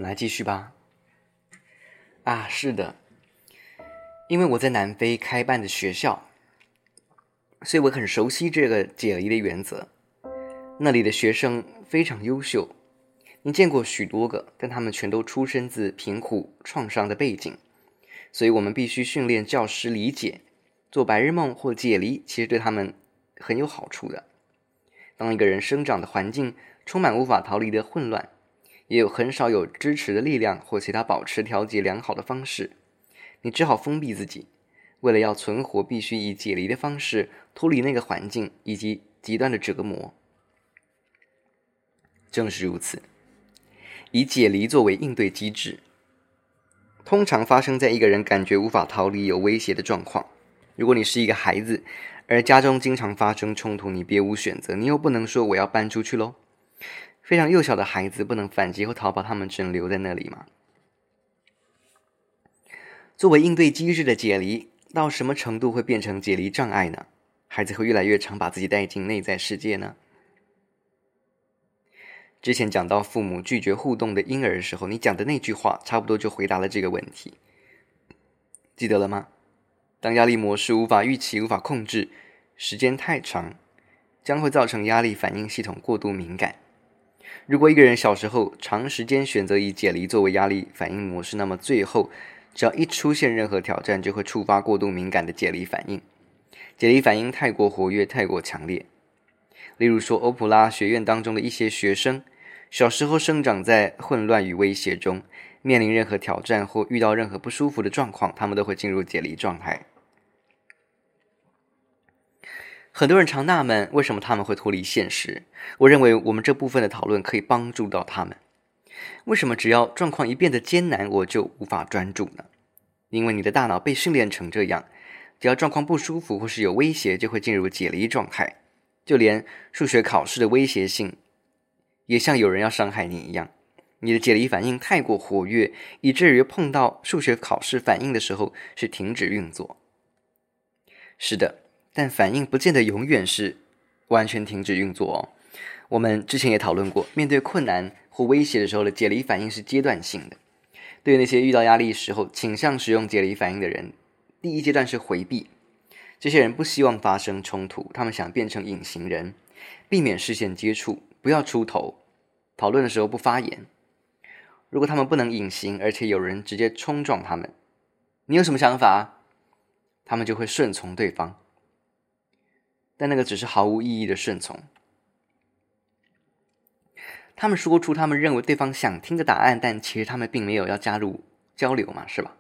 來繼續吧。啊，是的。因為我在南非開辦的學校，所以我很熟悉這個解離的原則。那裡的學生非常優秀，你見過許多個，但他們全都出身自貧苦創傷的背景，所以我們必須訓練教師理解，做白日夢或解離其實對他們很有好處的。當一個人生長的環境充滿無法逃離的混亂。也有很少有支持的力量或其他保持調節良好的方式，你只好封閉自己。為了要存活，必須以解離的方式脫離那個環境以及極端的折磨。正是如此，以解離作為應對機制，通常發生在一個人感覺無法逃離有威脅的狀況。如果你是一個孩子，而家中經常發生衝突，你別無選擇。你又不能說我要搬出去嘍。非常幼小的孩子不能反擊或逃跑，他們只能留在那裡嗎？作為應對機制的解離到什麼程度會變成解離障礙呢？孩子會越來越常把自己帶進內在世界呢？之前講到父母拒絕互動的嬰兒的時候，你講的那句話差不多就回答了這個問題。記得了嗎？當壓力模式無法預期、無法控制，時間太長，將會造成壓力反應系統過度敏感。如果一個人小時候長時間選擇以解離作為壓力反應模式，那麼最後只要一出現任何挑戰，就會觸發過度敏感的解離反應。解離反應太過活躍、太過強烈。例如說，歐普拉學院當中的一些學生，小時候生長在混亂與威脅中，面臨任何挑戰或遇到任何不舒服的狀況，他們都會進入解離狀態。很多人常納悶，為什麼他們會脫離現實？我認為我們這部分的討論可以幫助到他們。為什麼只要狀況一變得艱難，我就無法專注呢？因為你的大腦被訓練成這樣，只要狀況不舒服或是有威脅，就會進入解離狀態。就連數學考試的威脅性，也像有人要傷害你一樣。你的解離反應太過活躍，以至於碰到數學考試反應的時候是停止運作。是的。但反應不見得永遠是完全停止運作哦。我們之前也討論過，面對困難或威脅的時候的解離反應是階段性的。對於那些遇到壓力時候傾向使用解離反應的人，第一階段是回避。這些人不希望發生衝突，他們想變成隱形人，避免視線接觸，不要出頭，討論的時候不發言。如果他們不能隱形，而且有人直接衝撞他們，你有什麼想法？他們就會順從對方。但那個只是毫無意義的順從。他們說出他們認為對方想聽的答案，但其實他們並沒有要加入交流嘛，是吧？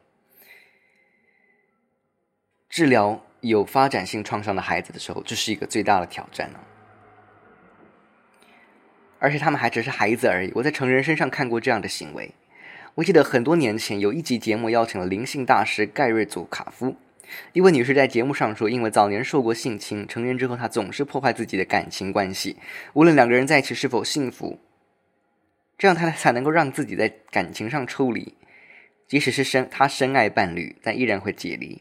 治療有發展性創傷的孩子的時候，這是一個最大的挑戰呢。而且他們還只是孩子而已。我在成人身上看過這樣的行為。我記得很多年前有一集節目邀請了靈性大師蓋瑞·祖卡夫。一位女士在節目上說：“因為早年受過性侵，成年之後她總是破壞自己的感情關係，無論兩個人在一起是否幸福，這樣她才能夠讓自己在感情上抽離。即使是深，她深愛伴侶，但依然會解離。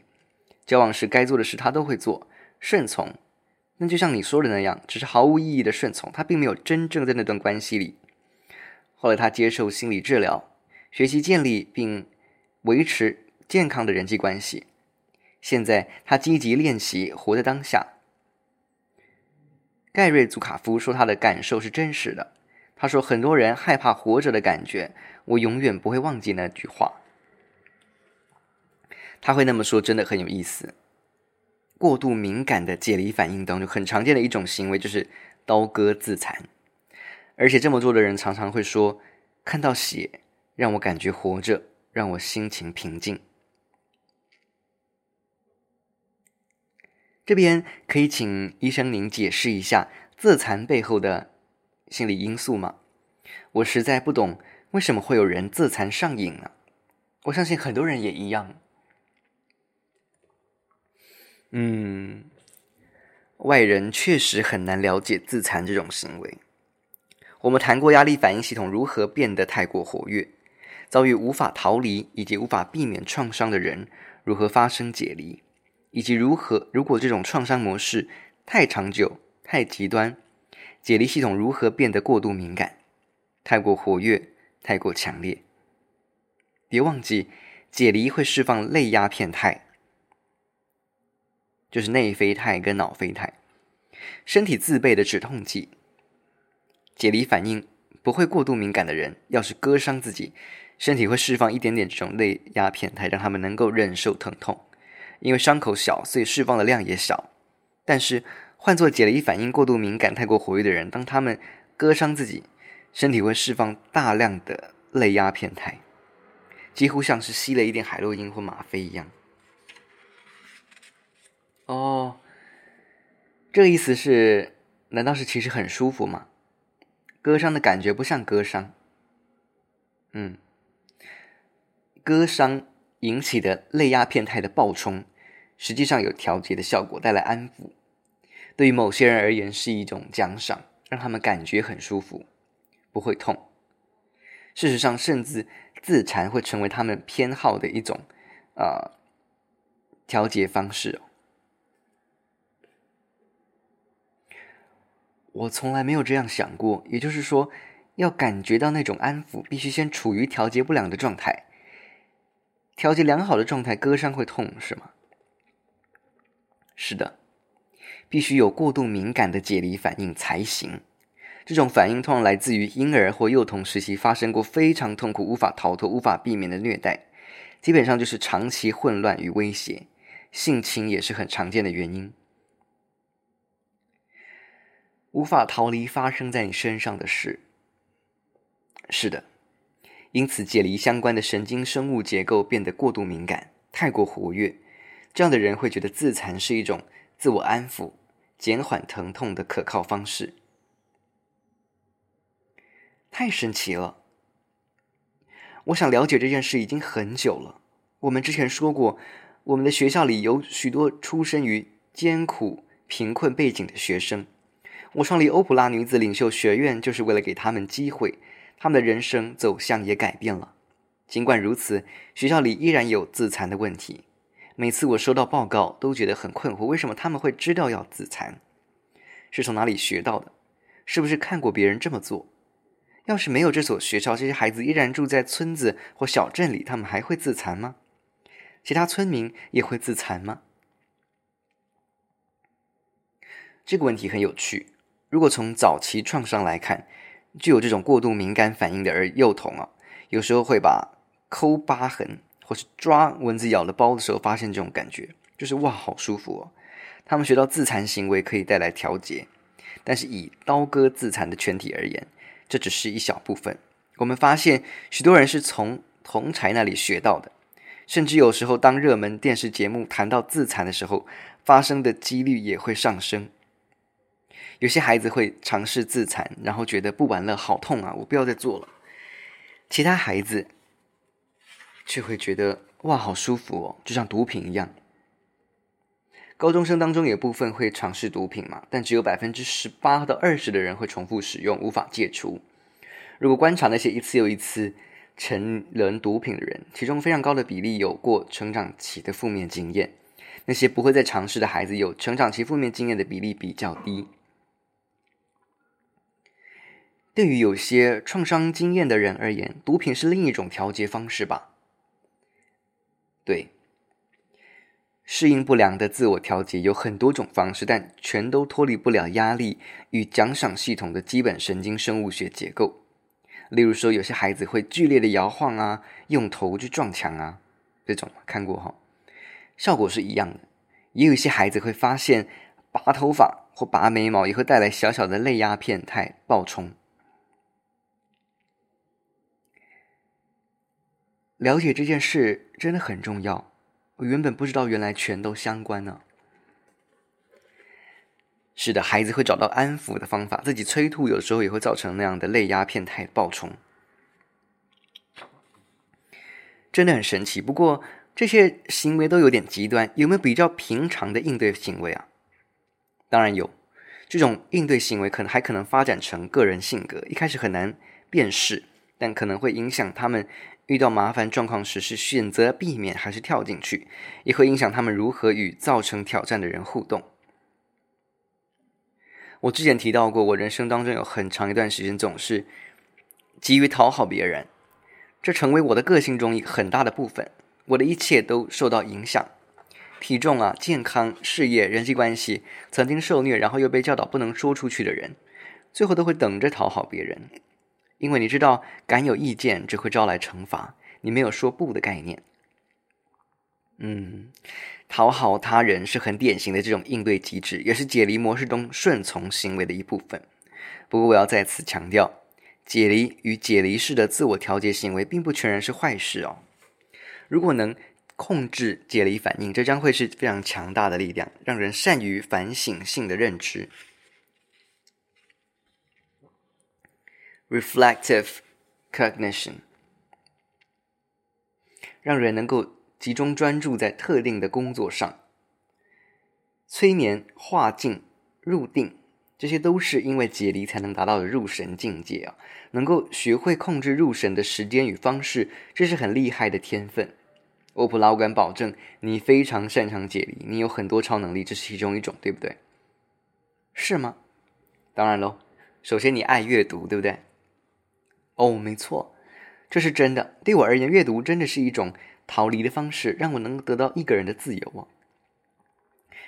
交往時該做的事她都會做，順從。那就像你說的那樣，只是毫無意義的順從，她並沒有真正在那段關係裡。後來她接受心理治療，學習建立並維持健康的人際關係。”現在他積極練習活在當下。蓋瑞·祖卡夫說他的感受是真實的。他說很多人害怕活着的感覺。我永遠不會忘記那句話。他會那麼說，真的很有意思。過度敏感的解離反應當中，很常見的一種行為就是刀割自殘。而且這麼做的人常常會說：“看到血讓我感覺活着，讓我心情平靜。”這邊可以請醫生您解釋一下自殘背後的心理因素嗎？我實在不懂為什麼會有人自殘上癮呢？我相信很多人也一樣。嗯，外人確實很難了解自殘這種行為。我們談過壓力反應系統如何變得太過活躍，遭遇無法逃離以及無法避免創傷的人如何發生解離。以及如何，如果這種創傷模式太長久、太極端，解離系統如何變得過度敏感、太過活躍、太過強烈？別忘記，解離會釋放類鴉片肽，就是內啡肽跟腦啡肽，身體自備的止痛劑。解離反應不會過度敏感的人，要是割傷自己，身體會釋放一點點這種類鴉片肽，讓他們能夠忍受疼痛。因為傷口小，所以釋放的量也小。但是，換做解離反應過度敏感、太過活躍的人，當他們割傷自己，身體會釋放大量的類鴉片肽，幾乎像是吸了一點海洛因或嗎啡一樣。哦，這個意思是，難道是其實很舒服嗎？割傷的感覺不像割傷。嗯，割傷。引起的內壓變態的暴衝，實際上有調節的效果，帶來安撫。對於某些人而言，是一種獎賞，讓他們感覺很舒服，不會痛。事實上，甚至自殘會成為他們偏好的一種啊、呃、調節方式。我從來沒有這樣想過，也就是說，要感覺到那種安撫，必須先處於調節不良的狀態。調節良好的狀態，割傷會痛，是嗎？是的，必須有過度敏感的解離反應才行。這種反應通常來自於嬰兒或幼童時期發生過非常痛苦、無法逃脫、無法避免的虐待，基本上就是長期混亂與威脅，性情也是很常見的原因。無法逃離發生在你身上的事。是的。因此，解離相關的神經生物結構變得過度敏感、太過活躍，這樣的人會覺得自殘是一種自我安撫、減緩疼痛的可靠方式。太神奇了！我想了解這件事已經很久了。我們之前說過，我們的學校裡有許多出身於艱苦、貧困背景的學生。我創立歐普拉女子領袖學院，就是為了給他們機會。他們的人生走向也改變了。儘管如此，學校裡依然有自殘的問題。每次我收到報告，都覺得很困惑：為什麼他們會知道要自殘？是從哪裡學到的？是不是看過別人這麼做？要是沒有這所學校，這些孩子依然住在村子或小鎮裡，他們還會自殘嗎？其他村民也會自殘嗎？這個問題很有趣。如果從早期創傷來看，具有這種過度敏感反應的兒幼童啊，有時候會把摳疤痕或是抓蚊子咬的包的時候，發現這種感覺，就是哇，好舒服哦。他們學到自殘行為可以帶來調節，但是以刀割自殘的群體而言，這只是一小部分。我們發現許多人是從同儕那裡學到的，甚至有時候當熱門電視節目談到自殘的時候，發生的幾率也會上升。有些孩子會嘗試自殘，然後覺得不玩了，好痛啊，我不要再做了。其他孩子卻會覺得哇，好舒服哦，就像毒品一樣。高中生當中有部分會嘗試毒品嘛，但只有百分之十八到二十的人會重複使用，無法戒除。如果觀察那些一次又一次沉淪毒品的人，其中非常高的比例有過成長期的負面經驗。那些不會再嘗試的孩子，有成長期負面經驗的比例比較低。對於有些創傷經驗的人而言，毒品是另一種調節方式吧？對，適應不良的自我調節有很多種方式，但全都脫離不了壓力與獎賞系統的基本神經生物學結構。例如說，有些孩子會劇烈的搖晃啊，用頭去撞牆啊，這種看過哈，效果是一樣的。也有一些孩子會發現拔頭髮或拔眉毛也會帶來小小的內鴉片態暴衝。了解這件事真的很重要。我原本不知道，原來全都相關呢、啊。是的，孩子會找到安撫的方法，自己催吐，有時候也會造成那樣的類鴉片太暴衝，真的很神奇。不過這些行為都有點極端，有沒有比較平常的應對行為啊？當然有，這種應對行為可能還可能發展成個人性格，一開始很難辨識，但可能會影響他們。遇到麻煩狀況時，是選擇避免還是跳進去，也會影響他們如何與造成挑戰的人互動。我之前提到過，我人生當中有很長一段時間總是急於討好別人，這成為我的個性中一個很大的部分。我的一切都受到影響，體重啊、健康、事業、人際關係，曾經受虐，然後又被教導不能說出去的人，最後都會等着討好別人。因為你知道，敢有意見只會招來懲罰。你沒有說不的概念。嗯，討好他人是很典型的這種應對機制，也是解離模式中順從行為的一部分。不過，我要再次強調，解離與解離式的自我調節行為並不全然是壞事哦。如果能控制解離反應，這將會是非常強大的力量，讓人善於反省性的認知。Reflective cognition，讓人能夠集中專注在特定的工作上。催眠、化境、入定，這些都是因為解離才能達到的入神境界啊！能夠學會控制入神的時間與方式，這是很厲害的天分。歐普拉，我敢保證，你非常擅長解離，你有很多超能力，這是其中一種，對不對？是嗎？當然嘍。首先，你愛閱讀，對不對？哦，沒錯，這是真的。對我而言，閱讀真的是一種逃離的方式，讓我能得到一個人的自由啊。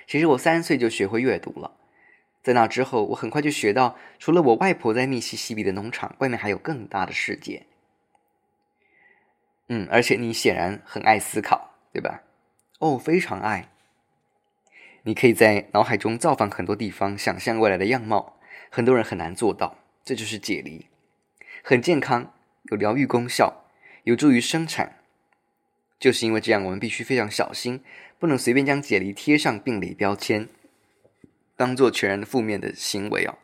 其實我三歲就學會閱讀了，在那之後，我很快就學到，除了我外婆在密西西比的農場，外面還有更大的世界。嗯，而且你顯然很愛思考，對吧？哦，非常愛。你可以在腦海中造訪很多地方，想象未來的樣貌。很多人很難做到，這就是解離。很健康，有療癒功效，有助於生產。就是因為這樣，我們必須非常小心，不能隨便將解離貼上病理標籤，當做全然的負面的行為哦。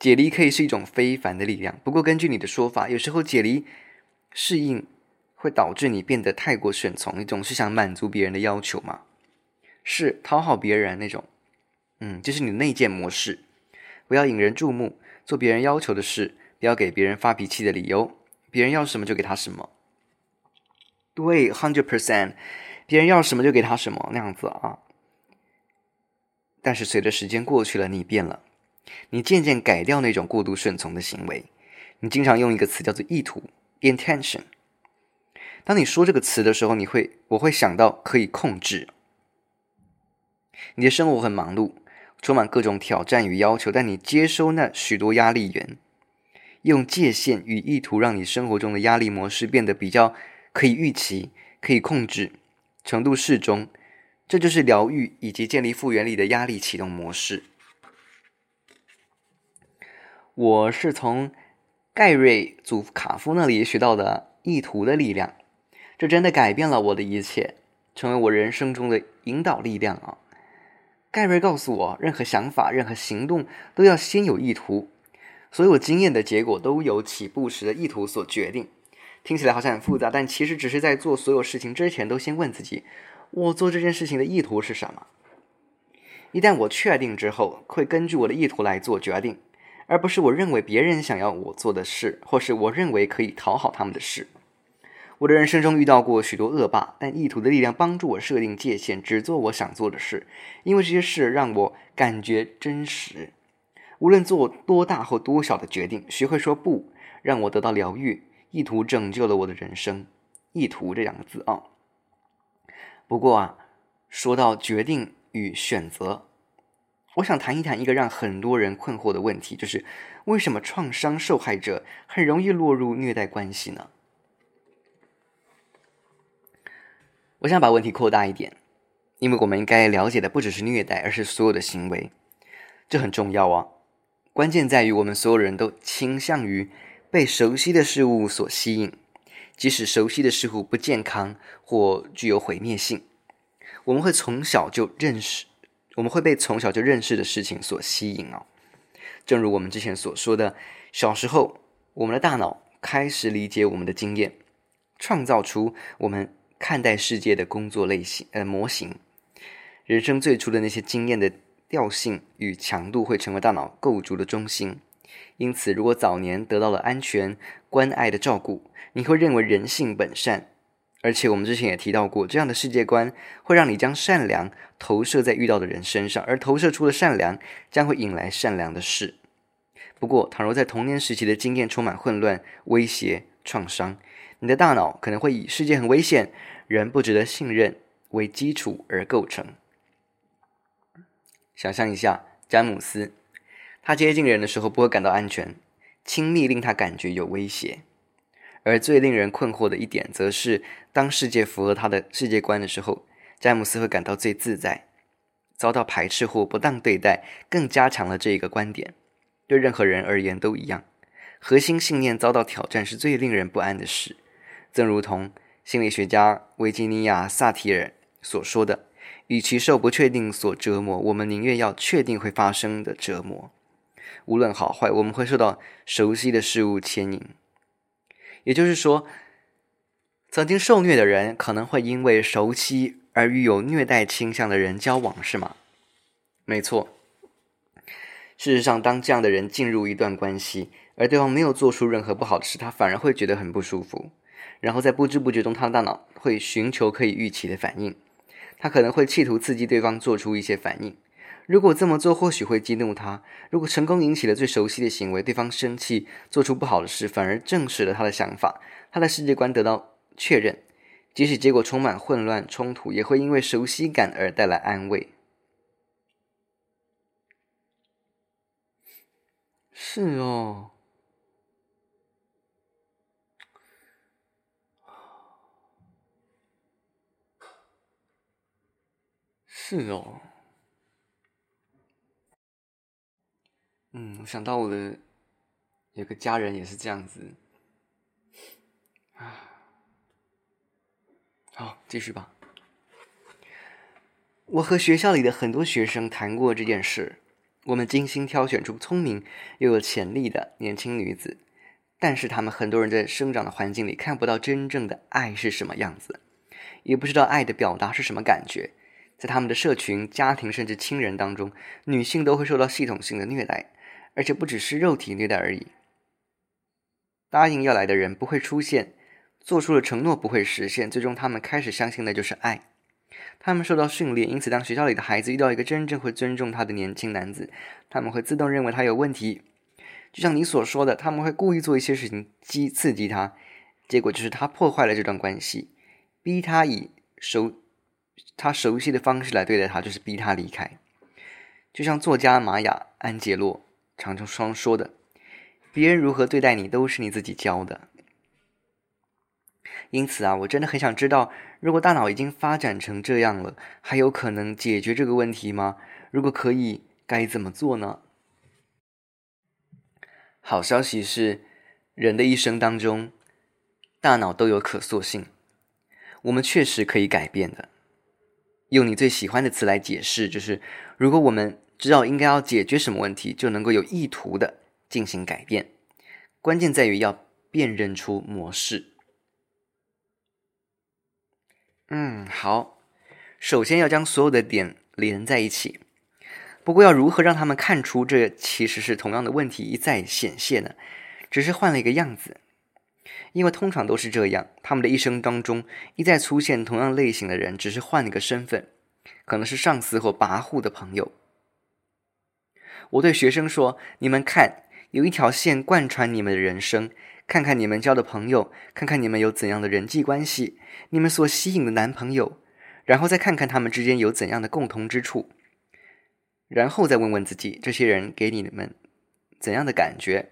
解離可以是一種非凡的力量。不過，根據你的說法，有時候解離適應會導致你變得太過順從，你總是想滿足別人的要求嘛？是，討好別人那種。嗯，這是你的內建模式。不要引人注目，做別人要求的事。不要給別人發脾氣的理由，別人要什麼就給他什麼。對，hundred percent，別人要什麼就給他什麼，那樣子啊。但是隨着時間過去了，你變了，你漸漸改掉那種過度順從的行為。你經常用一個詞叫做意圖 （intention）。當你說這個詞的時候，你會，我會想到可以控制。你的生活很忙碌，充滿各種挑戰與要求，但你接收那許多壓力源。用界限與意圖，讓你生活中的壓力模式變得比較可以預期、可以控制，程度適中。這就是療癒以及建立復原力的壓力啟動模式。我是從蓋瑞·祖卡夫那裡學到的意圖的力量，這真的改變了我的一切，成為我人生中的引導力量啊！蓋瑞告訴我，任何想法、任何行動，都要先有意圖。所有經驗的結果都由起步時的意圖所決定，聽起來好像很複雜，但其實只是在做所有事情之前都先問自己：我做這件事情的意圖是什麼？一旦我確定之後，會根據我的意圖來做決定，而不是我認為別人想要我做的事，或是我認為可以討好他們的事。我的人生中遇到過許多惡霸，但意圖的力量幫助我設定界限，只做我想做的事，因為這些事讓我感覺真實。無論做多大或多小的決定，學會說不，讓我得到療癒，意圖拯救了我的人生。意圖這兩個字啊、哦。不過啊，說到決定與選擇，我想談一談一個讓很多人困惑的問題，就是為什麼創傷受害者很容易落入虐待關係呢？我想把問題擴大一點，因為我們應該了解的不只是虐待，而是所有的行為，這很重要啊。關鍵在於，我們所有人都傾向於被熟悉的事物所吸引，即使熟悉的事物不健康或具有毀滅性。我們會從小就認識，我們會被從小就認識的事情所吸引啊、哦。正如我們之前所說的，小時候我們的大腦開始理解我們的經驗，創造出我們看待世界的工作類型呃模型。人生最初的那些經驗的。調性與強度會成為大腦構築的中心，因此，如果早年得到了安全關愛的照顧，你會認為人性本善。而且，我們之前也提到過，這樣的世界觀會讓你將善良投射在遇到的人身上，而投射出的善良將會引來善良的事。不過，倘若在童年時期的經驗充滿混亂、威脅、創傷，你的大腦可能會以“世界很危險，人不值得信任”為基礎而構成。想象一下，詹姆斯，他接近人的時候不會感到安全，親密令他感覺有威脅。而最令人困惑的一點，則是當世界符合他的世界觀的時候，詹姆斯會感到最自在。遭到排斥或不當對待，更加強了這一個觀點。對任何人而言都一樣，核心信念遭到挑戰是最令人不安的事。正如同心理學家維吉尼亞·薩提爾所說的。與其受不確定所折磨，我們寧願要確定會發生的折磨。無論好壞，我們會受到熟悉的事物牽引。也就是說，曾經受虐的人可能會因為熟悉而與有虐待傾向的人交往，是嗎？沒錯。事實上，當這樣的人進入一段關係，而對方沒有做出任何不好的事，他反而會覺得很不舒服。然後在不知不覺中，他的大腦會尋求可以預期的反應。他可能會企圖刺激對方做出一些反應。如果這麼做，或許會激怒他。如果成功引起了最熟悉的行為，對方生氣，做出不好的事，反而證實了他的想法，他的世界觀得到確認。即使結果充滿混亂衝突，也會因為熟悉感而帶來安慰。是哦。是哦，嗯，我想到我的有個家人也是這樣子，啊，好，繼續吧。我和學校裡的很多學生談過這件事。我們精心挑選出聰明又有潛力的年輕女子，但是他們很多人在生長的環境裡看不到真正的愛是什麼樣子，也不知道愛的表達是什麼感覺。在他們的社群、家庭甚至親人當中，女性都會受到系統性的虐待，而且不只是肉體虐待而已。答應要來的人不會出現，做出了承諾不會實現，最終他們開始相信的就是愛。他們受到訓練，因此當學校裡的孩子遇到一個真正會尊重他的年輕男子，他們會自動認為他有問題。就像你所說的，他們會故意做一些事情激刺激他，結果就是他破壞了這段關係，逼他以手，他熟悉的方式來對待他，就是逼他離開。就像作家瑪雅·安傑洛常常雙說的：“別人如何對待你，都是你自己教的。”因此啊，我真的很想知道，如果大腦已經發展成這樣了，還有可能解決這個問題嗎？如果可以，該怎麼做呢？好消息是，人的一生當中，大腦都有可塑性，我們確實可以改變的。用你最喜歡的詞來解釋，就是如果我們知道應該要解決什麼問題，就能夠有意圖的進行改變。關鍵在於要辨認出模式。嗯，好，首先要將所有的點連在一起。不過要如何讓他們看出這其實是同樣的問題一再顯現呢？只是換了一個樣子。因為通常都是這樣，他們的一生當中一再出現同樣類型的人，只是換了一個身份，可能是上司或跋扈的朋友。我對學生說：“你們看，有一條線貫穿你們的人生，看看你們交的朋友，看看你們有怎樣的人際關係，你們所吸引的男朋友，然後再看看他們之間有怎樣的共同之處，然後再問問自己，這些人給你們怎樣的感覺。”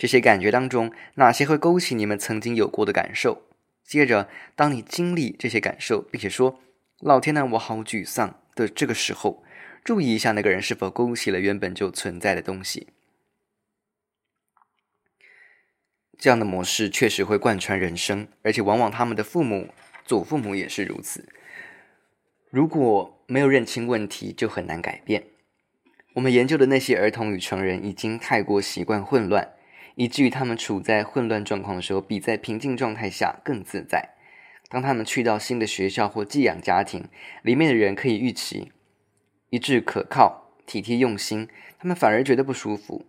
這些感覺當中，哪些會勾起你們曾經有過的感受？接着，當你經歷這些感受，並且說“老天吶，我好沮喪”的這個時候，注意一下那個人是否勾起了原本就存在的東西。這樣的模式確實會貫穿人生，而且往往他們的父母、祖父母也是如此。如果沒有認清問題，就很難改變。我們研究的那些兒童與成人已經太過習慣混亂。以至於他們處在混亂狀況的時候，比在平靜狀態下更自在。當他們去到新的學校或寄養家庭，裡面的人可以預期一致、可靠、體貼、用心，他們反而覺得不舒服。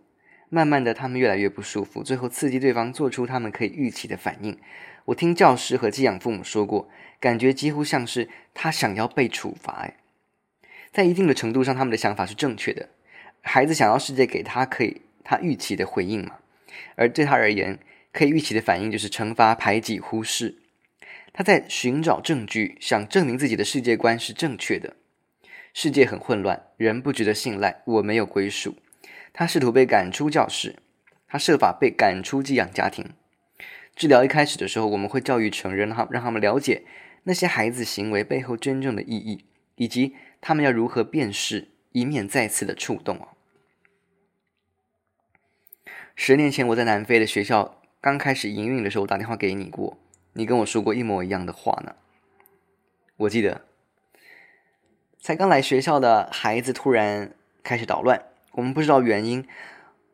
慢慢的，他們越來越不舒服，最後刺激對方做出他們可以預期的反應。我聽教師和寄養父母說過，感覺幾乎像是他想要被處罰。誒，在一定的程度上，他們的想法是正確的。孩子想要世界給他可以他預期的回應嘛？而對他而言，可以預期的反應就是懲罰、排擠、忽視。他在尋找證據，想證明自己的世界觀是正確的。世界很混亂，人不值得信賴，我沒有歸屬。他試圖被趕出教室，他設法被趕出寄養家庭。治療一開始的時候，我們會教育成人哈，讓他們了解那些孩子行為背後真正的意義，以及他們要如何辨識，以免再次的觸動。十年前，我在南非的學校剛開始營運的時候，我打電話給你過，你跟我說過一模一樣的話呢。我記得，才剛來學校的孩子突然開始搗亂，我們不知道原因。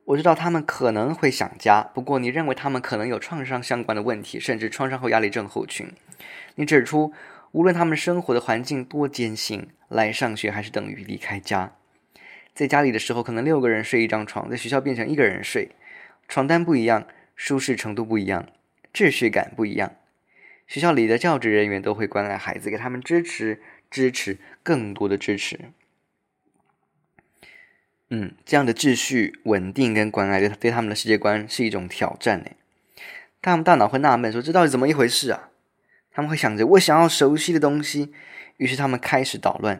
我知道他們可能會想家，不過你認為他們可能有創傷相關的問題，甚至創傷後壓力症候群。你指出，無論他們生活的環境多艱辛，來上學還是等於離開家。在家裡的時候，可能六個人睡一張床，在學校變成一個人睡。床單不一樣，舒適程度不一樣，秩序感不一樣。學校裡的教職人員都會關愛孩子，給他們支持，支持，更多的支持。嗯，這樣的秩序、穩定跟關愛，對對他們的世界觀是一種挑戰呢。他們大腦會納悶說：“這到底怎麼一回事啊？”他們會想着：“我想要熟悉的東西。”於是他們開始搗亂，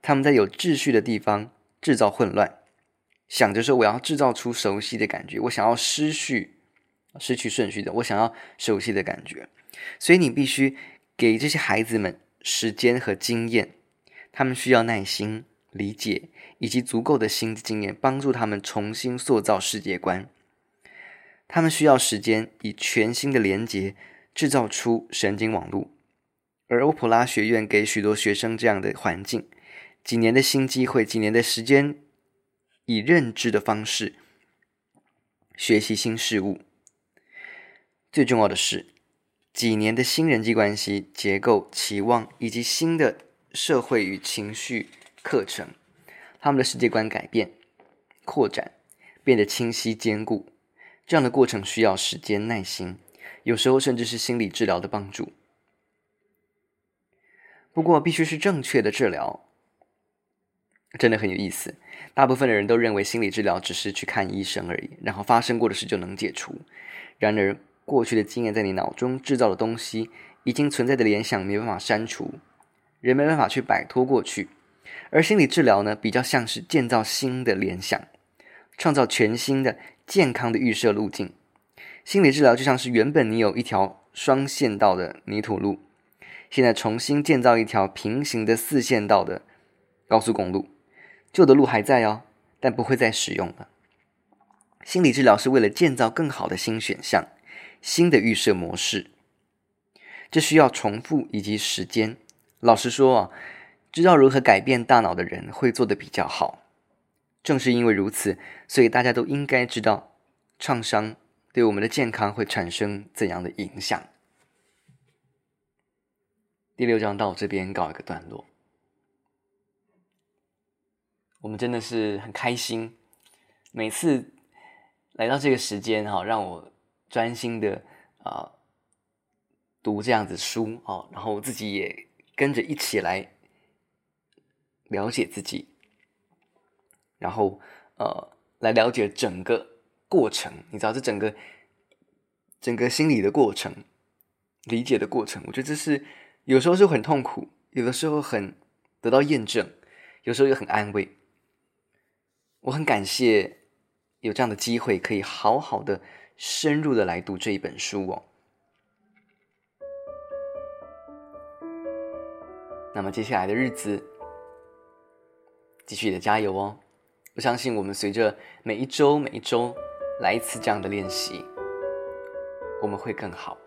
他們在有秩序的地方制造混亂。想着說，我要製造出熟悉的感覺，我想要失去失去順序的，我想要熟悉的感覺。所以你必須給這些孩子們時間和經驗，他們需要耐心、理解以及足夠的新的經驗，幫助他們重新塑造世界觀。他們需要時間以全新的連接製造出神經網絡，而歐普拉學院給許多學生這樣的環境，幾年的新機會，幾年的時間。以認知的方式學習新事物，最重要的是幾年的新人際關係結構期望，以及新的社會與情緒課程，他們的世界觀改變、擴展、變得清晰堅固。這樣的過程需要時間、耐心，有時候甚至是心理治療的幫助。不過，必須是正確的治療，真的很有意思。大部分的人都認為心理治療只是去看醫生而已，然後發生過的事就能解除。然而，過去的經驗在你腦中制造的東西，已經存在的聯想沒辦法刪除，人沒辦法去擺脫過去。而心理治療呢，比較像是建造新的聯想，創造全新的健康的預設路徑。心理治療就像是原本你有一條雙線道的泥土路，現在重新建造一條平行的四線道的高速公路。舊的路還在哦，但不會再使用了。心理治療是為了建造更好的新選項、新的預設模式，這需要重複以及時間。老實說啊，知道如何改變大腦的人會做得比較好。正是因為如此，所以大家都應該知道創傷對我們的健康會產生怎樣的影響。第六章到這邊告一個段落。我們真的是很開心，每次來到這個時間哈、哦，讓我專心的啊、呃、讀這樣子書啊、哦，然後自己也跟着一起來了解自己，然後呃來了解整個過程。你知道，這整個整個心理的過程、理解的過程，我覺得這是有時候就很痛苦，有的時候很得到驗證，有時候又很安慰。我很感謝有這樣的機會，可以好好的、深入的來讀這一本書哦。那麼接下來的日子，繼續的加油哦！我相信我們隨着每一周、每一周來一次這樣的練習，我們會更好。